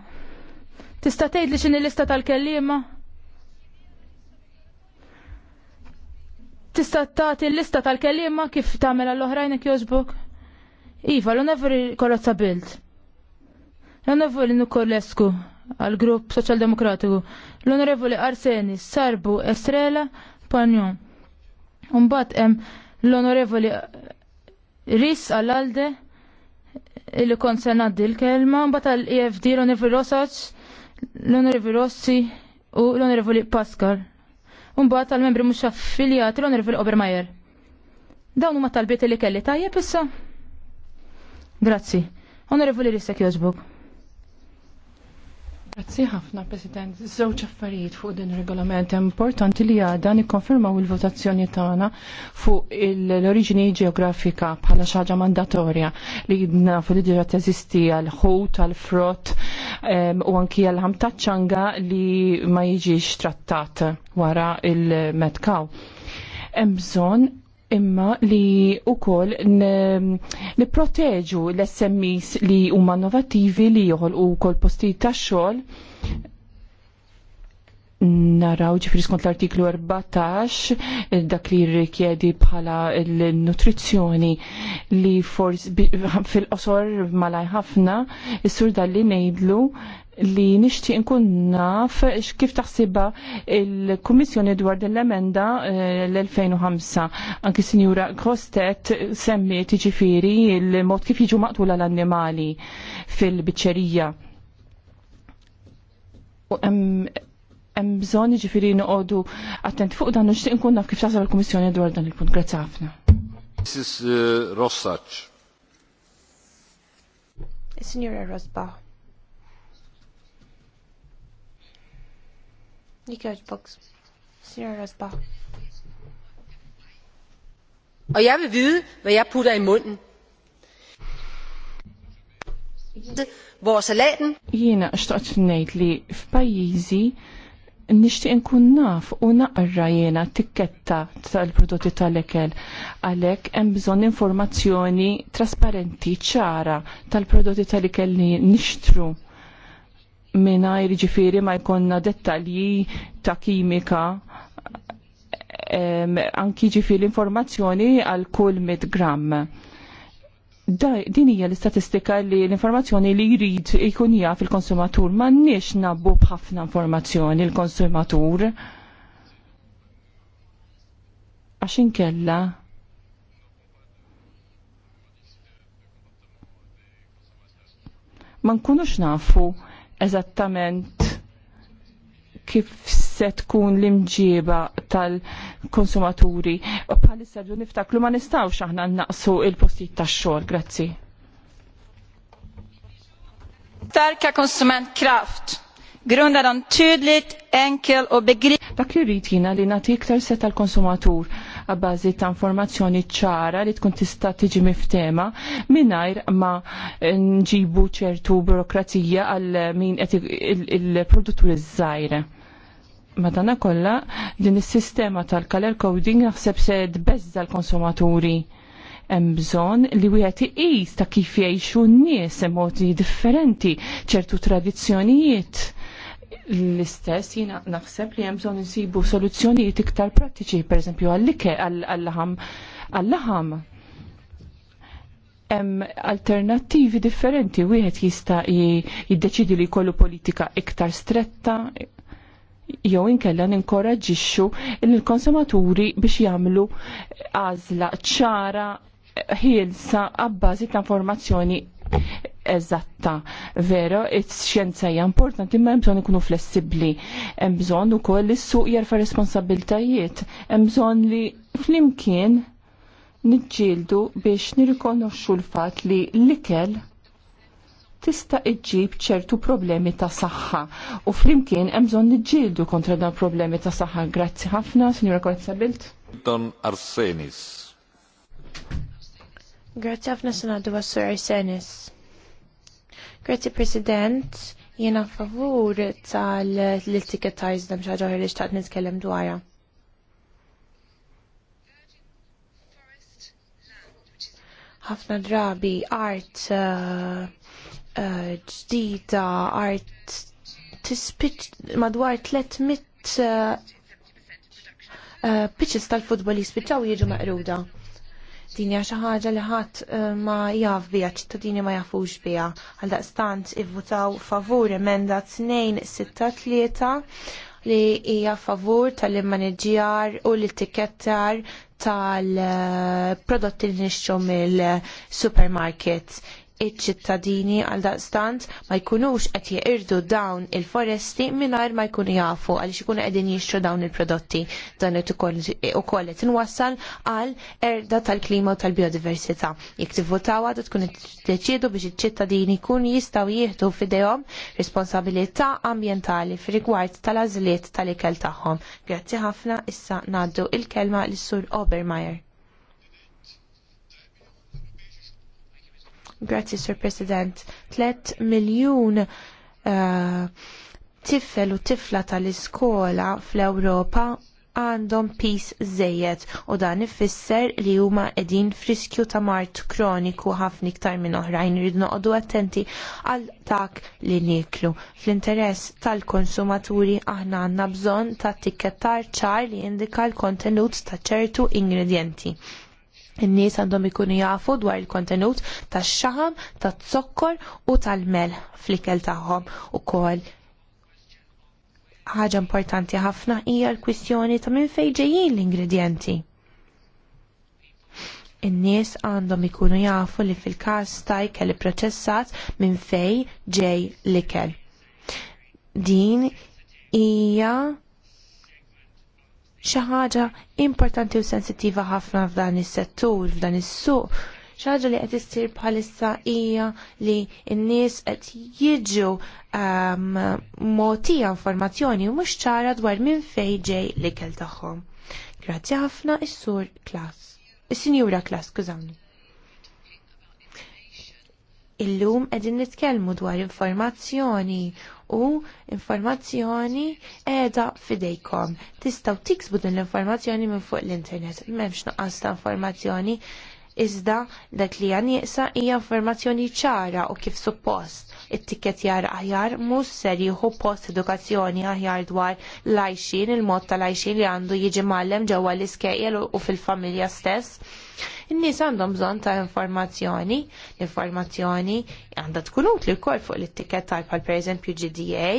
Speaker 1: Tista' tgħidli x'inhi lista tal-kelliema? Tista' tagħti l-lista tal-kelliema kif tagħmel għall-oħrajn jekk jogħġbok? Iva, l-onever korrozza bild. L-onever Nikolescu għal-grupp soċjal-demokratiku. L-onorevoli Arseni Sarbu Estrela Panjon. Umbat hemm l-onorevoli Ris għal-Alde illi kon senaddi l-kelma, mbata l-EFD l-onorevoli Rosac l-Onorevoli Rossi u l-Onorevoli Pascal. Umbat tal-membri mux affiljati l-Onorevoli Obermajer. Dawn huma talbiet li kelli tajjeb issa? Grazzi. Onorevoli Rissek Josbuk. Grazzi
Speaker 2: ħafna, President. Zewċ affarijiet fuq din regolament importanti li għadha nikkonfermaw il-votazzjoni tagħna fuq l-oriġini ġeografika bħala xi ħaġa mandatorja li nafu li diġà teżisti għal ħut għal frott u anki għal taċċanga li ma jiġix trattat wara il medkaw Hemm bżonn imma li ukoll nipproteġu l-SMEs li huma innovattivi li joħolqu wkoll postijiet tax-xogħol naraw ġifri skont l-artiklu 14 dak li rikjedi bħala l-nutrizzjoni li forsi fil-qosor malaj ħafna is-sur dalli ngħidlu li nixtieq nkun naf kif taħsiba il-Kummissjoni dwar din l-emenda eh, l-2005. Anki Sinjura Kostet semmiet ġifiri il-mod kif jiġu maqtula l-annimali fil bicċerija hemm bżonn jiġifieri noqogħdu attent fuq dan u xtieq nkun naf kif tasal il-Kummissjoni dwar dan il-punt. Grazzi ħafna.
Speaker 3: Mrs. Eh, Rossaċ.
Speaker 2: Signora Rosba.
Speaker 3: Nikaj box. Signora Rosba.
Speaker 1: Og jeg vil vide, hvad jeg putter i munden.
Speaker 2: Hvor er salaten? Jena, xtaqt nejt li f'pajizi nishtiq nkun naf u naqra jena tikketta tal-prodotti tal-ekel għalek hemm bżonn informazzjoni trasparenti ċara tal-prodotti tal-ekel li nixtru mingħajr ġifieri ma jkollna dettalji ta' kimika anki ġifieri informazzjoni għal kull mid gramm din hija l-istatistika li l-informazzjoni li jrid ikun hija fil-konsumatur m'għandniex nabbu b'ħafna informazzjoni l-konsumatur. Għax inkella ma nkunux nafu eżattament kif se tkun l-imġieba tal-konsumaturi. U bħalissa ġu niftaklu ma nistawx aħna naqsu il-postijiet tax-xogħol. Grazzi. konsument kraft. Grunda dan tydligt, enkel u begriplig. Dak li rrid li nagħti iktar set tal-konsumatur għabbażi ta' informazzjoni ċara li tkun tista' tiġi miftema mingħajr ma nġibu ċertu burokrazija għal min qed il-produtturi żgħira. Madana kolla, din is-sistema tal-color coding naħseb se tbeżza l-konsumaturi. Hemm bżonn li wieħed iqis ta' kif jgħixu n-nies modi differenti, ċertu tradizzjonijiet. L-istess jina naħseb li hemm bżonn insibu soluzzjonijiet iktar prattiċi, pereżempju għall-ike laħam għall-laħam hemm alternattivi differenti wieħed jista' jiddeċidi li jkollu politika iktar stretta, jew inkella ninkoraġixxu il-konsumaturi biex jagħmlu għażla ċara ħielsa għabbażi ta' informazzjoni eżatta. Vero, it xjenza hija importanti imma hemm bżonn ikunu flessibbli. Hemm bżonn ukoll li s-suq jerfa' responsabiltajiet. Hemm bżonn li flimkien niġġieldu biex nirrikonoxxu l-fatt li l-ikel tista' iġġib ċertu problemi ta' saħħa u flimkien hemm bżonn niġġieldu kontra dan problemi ta' saħħa. Grazzi ħafna, Sinjura Bilt.
Speaker 3: Don Arsenis. Grazzi ħafna sanadu għas-Sur Arsenis. Grazzi President, jiena favur tal-etikettajz dam xaġa li xtaqt nitkellem dwarha. ħafna drabi art uh, ġdida art tispiċ madwar 300 eh, eh, pitches tal-futbol jispiċċaw jiġu meqruda. Din hija xi ħaġa li ħadd eh, ma jaf biha, ċittadini ma jafux biha. Għal daqstant ivvutaw favur emenda 263 li hija favur tal-immaneġjar u l-tikettar tal-prodotti li nixxu mill-supermarket iċ-ċittadini għal daqstant ma jkunux qed jeqirdu dawn il-foresti mingħajr ma jkunu jafu għaliex ikunu qegħdin jixtru dawn il-prodotti dan ukoll qed inwassal għal erda tal-klima u tal-biodiversità. Jekk tivvutawha għadu tkun iddeċiedu biex iċ-ċittadini jkunu jistgħu jieħdu f'idejhom responsabilità ambjentali f'rigward tal-għażliet tal-ikel tagħhom. Grazzi ħafna issa ngħaddu il-kelma lis-Sur Obermeyer. Grazzi, Sir President. 3 miljun uh, tifel u tifla tal-iskola fl-Ewropa għandhom pis żejjed u dan ifisser li huma qegħdin friskju ta' mart kroniku ħafna iktar minn oħrajn irid noqogħdu attenti għal dak li niklu. Fl-interess tal-konsumaturi aħna għandna bżonn ta' tikketar ċar li jindika l-kontenut ta' ċertu ingredjenti in-nies għandhom ikunu jafu dwar il-kontenut tax-xaħam, taż-zokkor u tal-mel fl-ikel tagħhom ukoll. Ħaġa importanti ħafna hija l-kwistjoni ta' minn fejn ġejjin l-ingredjenti. In-nies għandhom ikunu jafu li fil-każ ta' ikel ipproċessat minn fejn ġej l-ikel. Din hija xi ħaġa importanti u sensittiva ħafna f'dan is-settur, f'dan is-suq. Xi ħaġa li qed issir bħalissa hija li n-nies qed jiġu um, ehm, motija informazzjoni u mhux ċara dwar minn fejn ġej l-ikel tagħhom. Grazzi ħafna is-sur Klas. Is-Sinjura Klas, skużawni. Illum qegħdin nitkellmu dwar informazzjoni u informazzjoni qiegħda fidejkom. Tistgħu tiksbu din l-informazzjoni minn fuq l-internet. M'hemmx nuqqas ta' informazzjoni iżda dak li għan nieqsa hija informazzjoni ċara u kif suppost it-tikket jar aħjar mhux ser jieħu post edukazzjoni aħjar dwar l-għajxin, il-mod tal-għajxin li għandu jiġi mallem ġewwa l-iskejjel u fil-familja stess. In-nies għandhom bżonn ta' informazzjoni, l-informazzjoni għandha tkun utli wkoll fuq l-ittikket tal bħal pereżempju GDA,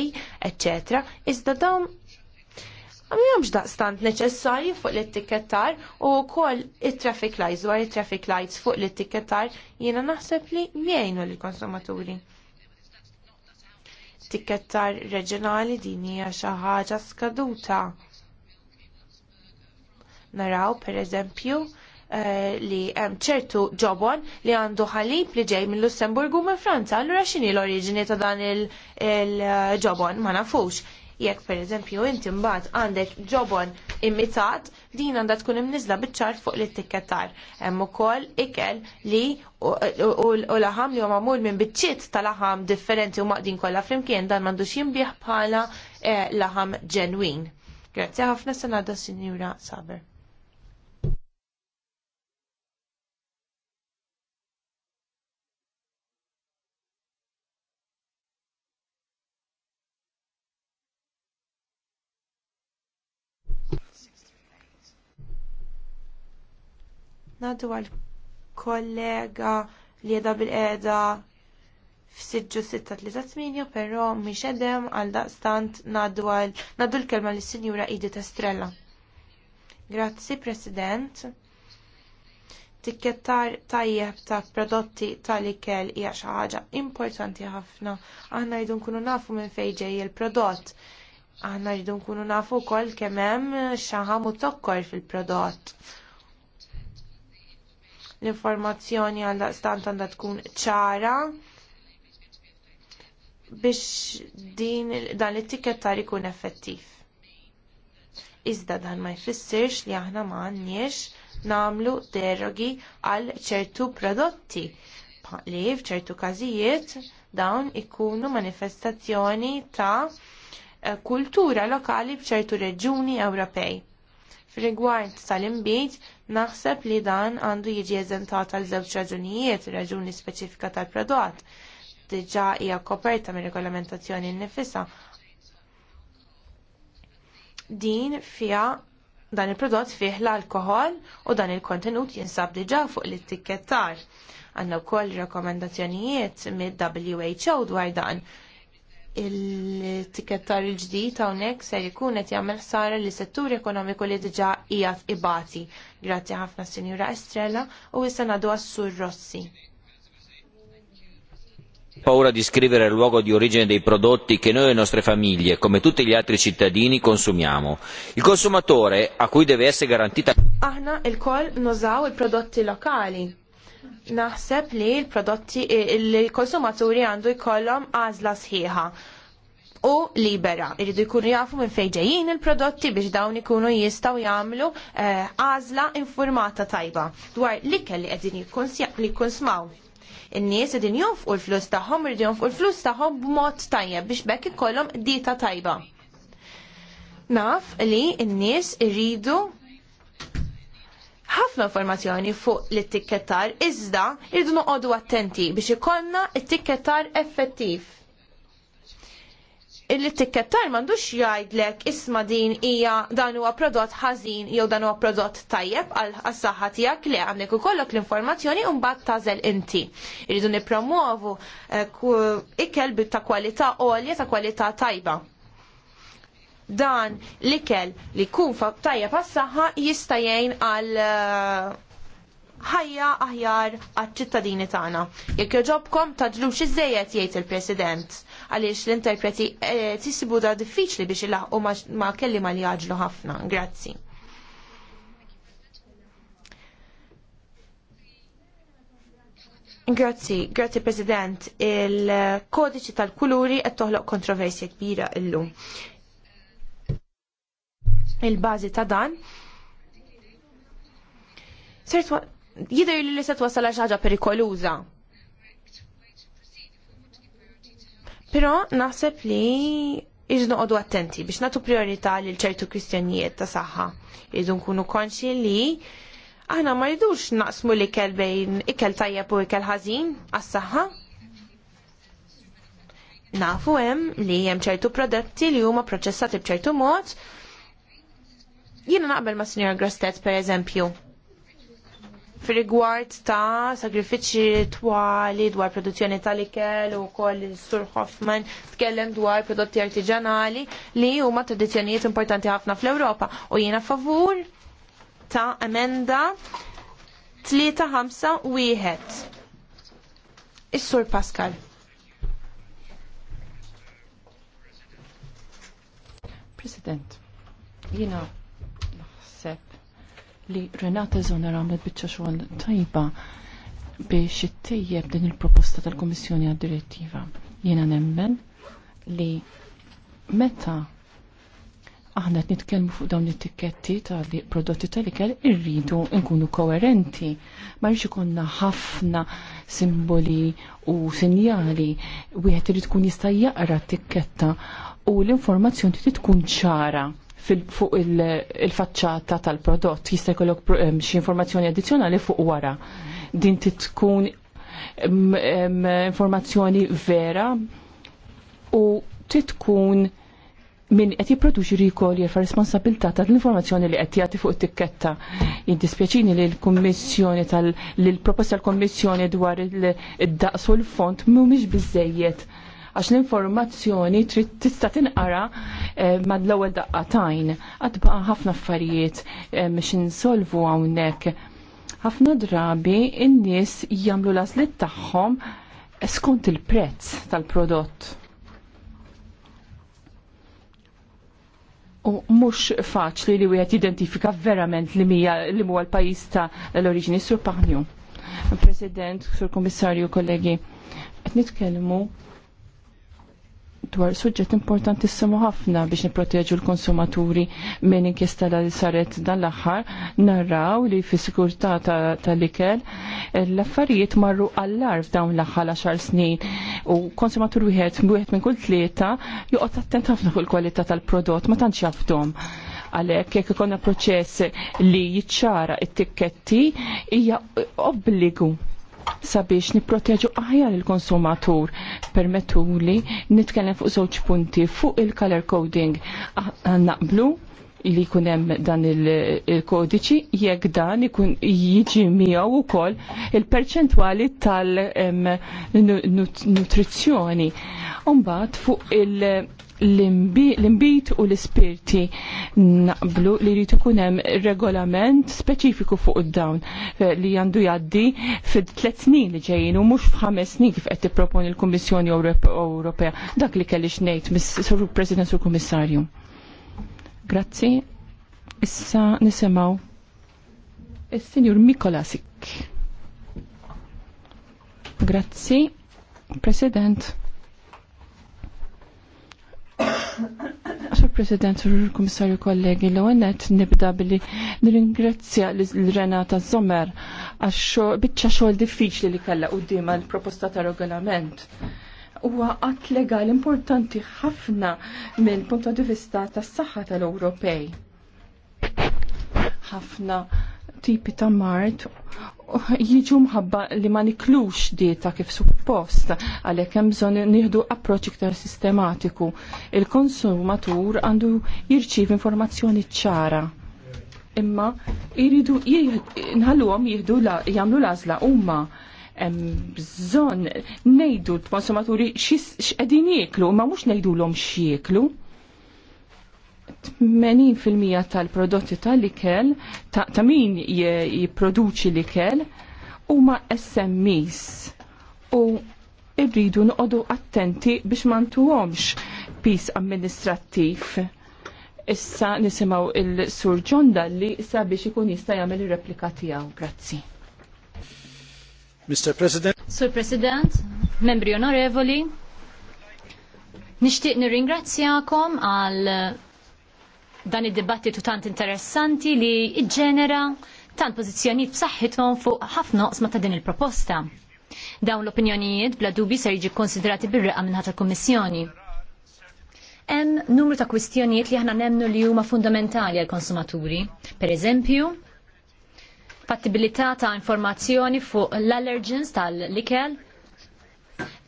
Speaker 3: eċċetera, iżda dawn għamjomx daqstant neċessarji fuq l-etikettar u kol il-traffic lights, dwar il-traffic lights fuq l-etikettar jena naħseb li miejnu l-konsumaturi tikettar reġjonali din hija xi ħaġa skaduta. Naraw pereżempju eh, li hemm ċertu ġobon li għandu ħalib li ġej mill-Lussemburgu minn Franza, allura x'inhi l-oriġini ta' dan il-ġobon eh, ma nafux. Jekk pereżempju inti mbagħad għandek ġobon imitat, din għandha tkun imniżla biċ-ċart fuq l tikketar Hemm ukoll ikel li u laħam li huma mamul minn biċċiet ta' laħam differenti u maqdin kollha flimkien dan m'għandux jinbih bħala eh, laħam ġenwin. Grazzi ħafna sanada Sinjura Saber. Nadu għal kollega li jeda bil-eda f'siġġu 638, però mhix edem għal daqstant nadu għal nadu l-kelma lis sinjura Idit Estrella. Grazzi, President. Tikkettar tajjeb ta' prodotti tal-ikel hija xi ħaġa importanti ħafna. Aħna jdu nkunu nafu minn fejn ġej il-prodott. Aħna jridu nkunu nafu wkoll kemm hemm xaħam tokkor fil-prodott l-informazzjoni għal stant għandha tkun ċara biex din dan it-tikettar ikun effettiv. Iżda dan ma jfissirx li aħna ma għandniex namlu derogi għal ċertu prodotti li f'ċertu każijiet dawn ikunu manifestazzjoni ta' eh, kultura lokali b'ċertu reġuni Ewropej Rigward tal-imbit, naħseb li dan għandu jiġi eżentat għal żewġ raġunijiet, raġuni speċifika tal-prodott. Diġà hija koperta mir regolamentazzjoni nnifisha. Din fiha dan il-prodott fih l-alkohol u dan il-kontenut jinsab diġa fuq l-ittikettar. Għanna u koll rekomendazzjonijiet mid-WHO dwar dan il-tikettar il-ġdid hawnhekk ser ikun qed jagħmel ħsara li settur ekonomiku li diġà qiegħed ibati. Grazzi ħafna Sinjura Estrella u issa ngħadu għas-Sur Rossi. Paura di scrivere il luogo di origine dei prodotti che noi e le nostre famiglie, come tutti gli altri cittadini, consumiamo. Il consumatore, a cui deve essere garantita. Aħna il-koll nozaw il-prodotti lokali Naħseb li l-prodotti il-konsumaturi għandu jkollhom għażla sħiħa u libera. Irridu jkunu jafu minn fejn ġejjin il-prodotti biex dawn ikunu jistgħu jagħmlu eh, għażla informata tajba dwar l-ikel li qegħdin jikkonsmaw in-nies qegħdin jonfqu l-flus tagħhom irid jonfqu l-flus tagħhom b'mod tajjeb biex bekk ikollhom dieta tajba. Naf li n-nies iridu ħafna informazzjoni fuq l tikketar iżda irridu noqogħdu attenti biex ikollna t t-tikketar effettiv. l tikketar m'għandux jgħidlek isma' din hija dan huwa prodott ħażin jew dan huwa prodott tajjeb għal saħħa tiegħek le għandek ukollok l-informazzjoni u mbagħad tażel inti. Irridu nippromovu eh, ikel ta' kwalità għolja ta' kwalità tajba dan l kell li kun tajja pas-saħħa jista' jgħin għal eh, ħajja aħjar għal-ċittadini tagħna. Jekk joġobkom taġlux iżejjed jgħid il-President għaliex l-interpreti eh, tisibu da diffiċli biex ilaħqu ma' kellima li jaġlu ħafna. Grazzi. Grazzi, grazzi President. Il-kodiċi tal-kuluri qed toħloq kontroversja kbira illum il-bażi ta' dan. Jidher li se twassal għal ħaġa perikoluża. Però naħseb li iġnoqodu attenti biex natu priorità li ċertu kwistjonijiet ta' saħħa. Idu nkunu konxi li aħna ma jidux naqsmu li kell bejn ikel tajjeb u ikel ħażin għas-saħħa. Nafu hemm li hemm ċertu prodotti li huma proċessati b'ċertu mod Jiena naqbel ma' Sinjor Grostet per eżempju fil-rigward ta' sagrifiċi twali dwar produzzjoni tal-ikel u koll Sur Hoffman tkellem dwar prodotti artiġanali li huma tradizzjonijiet importanti ħafna fl-Ewropa u jiena favur ta' emenda 3-5-1.
Speaker 2: Is-Sur Pascal. President, jina you know li Renata Zoner għamlet bieċa xogħol tajba biex ittejjeb din il-proposta tal-Komissjoni għad-direttiva. Jiena nemmen li meta aħna qed nitkellmu fuq dawn it-tikketti tal-prodotti tal-ikel irridu nkunu koerenti. Ma rridx ikonna ħafna simboli u sinjali wieħed irid tkun jista' jaqra t-tikketta u l-informazzjoni tkun ċara fuq il-faċċata tal-prodott jista' jkollok xi informazzjoni addizzjonali fuq wara. Din tkun informazzjoni vera u titkun min qed jipproduċi rikol fa' responsabilità ta' l-informazzjoni li qed jagħti fuq it-tikketta. Jiddispjaċini li l-Kummissjoni tal-proposta tal-Kummissjoni dwar id-daqs u l-font mhumiex biżejjed għax l-informazzjoni trid tista' tinqara eh, mad l-ewwel daqqatajn. Għad baqa' ħafna affarijiet eh, biex insolvu hawnhekk. Ħafna drabi in-nies jagħmlu l-għażliet tagħhom skont il-prezz tal-prodott. U mhux faċli li wieħed jidentifika verament li mija li huwa l-pajjiż ta' l-oriġini sur Paħnju. President, sur Komissarju, kollegi, qed nitkellmu dwar suġġett importantissimu ħafna biex nipproteġu l-konsumaturi minn inkjesta li saret dan l-aħħar narraw li fi sikurtà tal-ikel l-affarijiet marru għall għall-arf dawn l-aħħar għaxar snin u konsumatur wieħed wieħed minn kull tlieta joqgħod attent ħafna fuq il-kwalità tal-prodott ma tantx jafdom għalek jekk ikonna proċess li jiċċara it-tikketti hija obbligu sabiex nipproteġu aħjar il-konsumatur. Permettu li nitkellem fuq żewġ punti fuq il-color coding. Naqblu li kunem dan il-kodiċi jekk dan ikun jiġi miegħu ukoll il-perċentwali tal-nutrizzjoni. Umbat fuq il- l-imbit u l-ispirti naqblu li li ikun hemm regolament speċifiku fuq id-dawn eh, li għandu jgħaddi fid tliet snin li ġejjin u mhux f'ħames snin kif qed tipproponi il kummissjoni Ewropea dak li kellix ngħid sur President Sur Kummissarju. Grazzi. Issa nisimgħu is-Sinjur Mikolasik. Grazzi, President. Sur President, Sur Komissarju kollegi, l għonet nibda billi nir-ingrazzja l-Renata Zomer għax bicċa xogħol diffiċli li kalla u l-proposta ta' regolament huwa qatt legal importanti ħafna minn punto di vista tas-saħħa tal-Ewropej. Ħafna tipi ta' mart jiġu mħabba li ma niklux dieta kif suppost għalhekk hemm bżonn nieħdu approċċ iktar sistematiku. Il-konsumatur għandu jirċiv informazzjoni ċara. Imma jridu nħalluhom jieħdu jagħmlu l-għażla huma bżonn ngħidu l-konsumaturi x'qegħdin jieklu, ma mhux ngħidulhom x'jieklu. 80% tal-prodotti tal-ikel, ta' min jipproduċi l-ikel, huma SMEs u irridu noqogħdu attenti biex ma ntuhomx pis amministrativ. Issa nisimgħu il-Sur John Dalli issa biex ikun jista' jagħmel
Speaker 4: ir-replika tiegħu. Grazzi. Mr. President. Sur President, membri onorevoli, nixtieq nirringrazzjakom għal dan id-dibattitu tant interessanti li ġenera tant pożizzjonijiet b'saħħithom fuq ħafna oqsma ta' din il-proposta. Dawn l-opinjonijiet bla dubi ser jiġi konsiderati bir-reqa minnħata l-Kummissjoni hemm numru ta' kwistjonijiet li aħna nemnu li huma fundamentali għal konsumaturi. Per eżempju, fattibilità ta' informazzjoni fuq l-allergens tal-likel,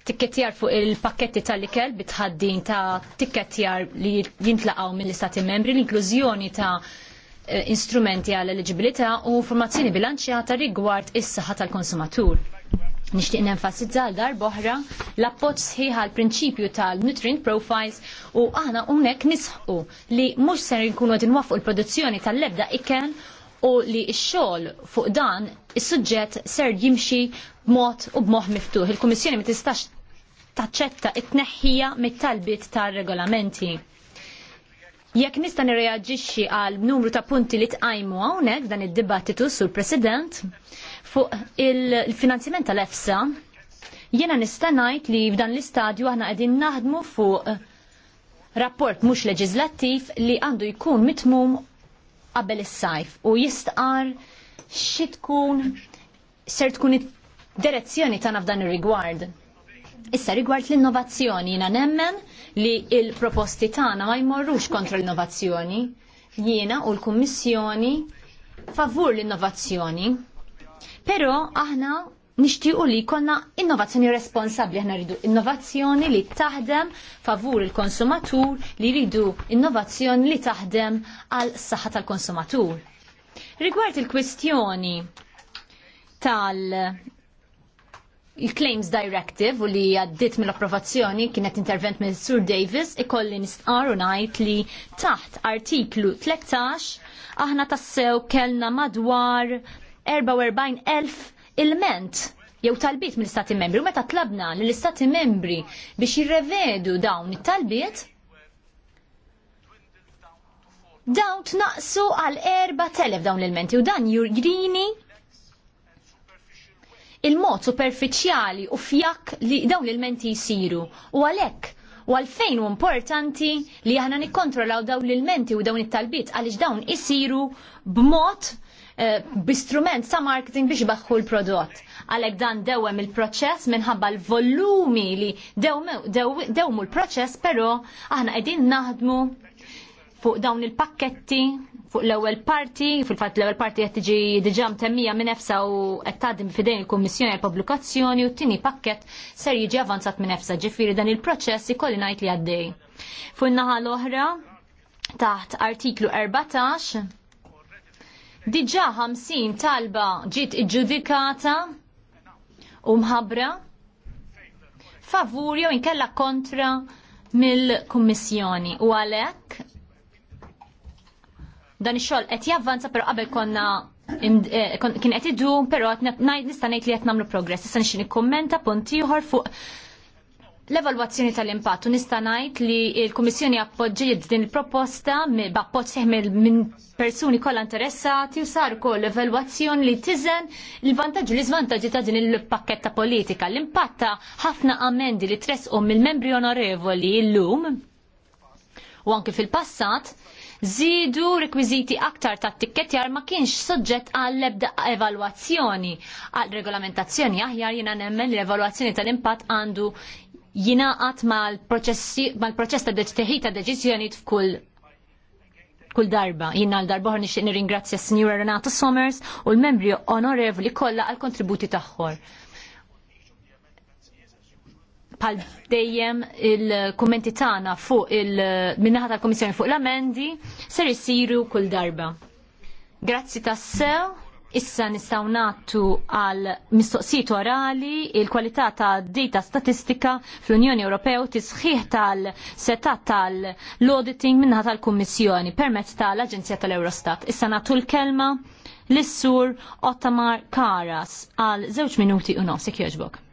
Speaker 4: tikketjar fuq il-pakketti tal-ikel bitħaddin ta' tikketjar li jintlaqaw mill-istati membri l-inklużjoni ta' eh, instrumenti għal eligibilità u formazzjoni bilanċjata rigward is-saħħa tal-konsumatur. Nixtieq nenfasizza għal dar boħra l-appoġġ sħiħ għal prinċipju tal-nutrient profiles u aħna hawnhekk nisħu li mhux ser nkunu qed inwaffqu l-produzzjoni tal-lebda ikel u li x-xogħol fuq dan is-suġġett ser jimxi b'mod u b'moħħ miftuħ. Il-Kummissjoni ma tistax taċċetta it-tneħħija mit-talbiet tar-regolamenti. Jekk nista' nirreaġixxi għal numru ta' punti li tqajmu hawnhekk dan id-dibattitu sur President fuq il finanzjament tal-EFSA, jiena nista' ngħid li f'dan l-istadju aħna qegħdin naħdmu fuq rapport mhux leġislattiv li għandu jkun mitmum qabel is-sajf u jistqar xi tkun ser tkun id-direzzjoni tagħna f'dan ir-rigward. Issa rigward l-innovazzjoni jiena nemmen li l proposti tagħna ma jmorrux kontra l-innovazzjoni. Jiena u l-Kummissjoni favur l-innovazzjoni. Però aħna nixtiequ li jkollna innovazzjoni responsabbli aħna rridu innovazzjoni li taħdem favur il-konsumatur li rridu innovazzjoni li taħdem għal saħħa tal-konsumatur. Rigward il-kwestjoni tal il-Claims Directive u li għaddit mill-approvazzjoni kienet intervent mill Sur Davis ikolli nistqar u ngħid li taħt artiklu 13 aħna tassew kellna madwar 44,000 ilment jew talbiet mill-Istati Membri u meta tlabna l istati Membri biex jirrevedu dawn it-talbiet dawn tnaqsu għal 4,000 dawn l-ilmenti u dan jurgrini il-mod superfiċjali u fjak li dawn l-ilmenti jisiru. U għalek, u għalfejn u importanti li aħna nikkontrollaw dawn l-ilmenti u dawn it-talbit għaliex dawn isiru b'mod eh, b'istrument sa marketing biex baħħu l-prodott. Għalek dan dewem il-proċess minħabba l-volumi li dewmu l-proċess, pero aħna qegħdin naħdmu fuq dawn il-pakketti fuq l-ewwel parti, fil-fatt l-ewwel parti qed tiġi diġà mtemmija minn nefsa u qed tgħaddim f'idejn il-Kummissjoni għal pubblikazzjoni u t-tieni pakkett ser jiġi avanzat minn nefsa ġifieri dan il-proċess ikolli ngħid li għaddej. Fuq in-naħa l-oħra taħt artiklu 14 diġà 50 talba ġiet iġġudikata u mħabbra favur jew inkella kontra mill-Kummissjoni u għalhekk dan ix-xogħol qed javvanza però qabel konna eh, kien qed iddu però qed nista' ngħid li qed nagħmlu progress. Issa nixtieq nikkummenta punt ieħor fuq l-evalwazzjoni tal-impatt u nista' ngħid li l-Kummissjoni appoġġiet din il-proposta b'appoġġ seħmel minn persuni kollha interessati u sar ukoll evalwazzjoni li tiżen il-vantaġġi u l-iżvantaġġi ta' din il-pakketta politika. L-impatt ta' ħafna amendi li tresqhom mill-membri onorevoli llum u anke fil-passat Zidu rekwiziti aktar ta' tikketjar ma kienx soġġett għall ebda evalwazzjoni. Għal regolamentazzjoni aħjar jina nemmen li evalwazzjoni tal-impatt għandu jinaqat mal-proċess ta' deċteħita deċizjoni f'kull kull darba. Jinn għal darba ħor nixtieq nirringrazzja Sinjura Renata Somers u l-membri onorevoli kollha għal kontributi tagħhom pal dejjem il-kommenti tagħna fuq il-minnaħa tal-Komissjoni fuq l-amendi ser isiru kull darba. Grazzi tassew. Issa nistgħu nagħtu għal mistoqsijiet orali il-kwalità ta' data statistika fl-Unjoni Ewropew tisħiħ tal-setat tal-auditing minnaħa tal-Kummissjoni permezz tal-Aġenzija tal-Eurostat. Issa nagħtu l-kelma l issur Ottamar Karas għal żewġ minuti u nofs, jogħġbok.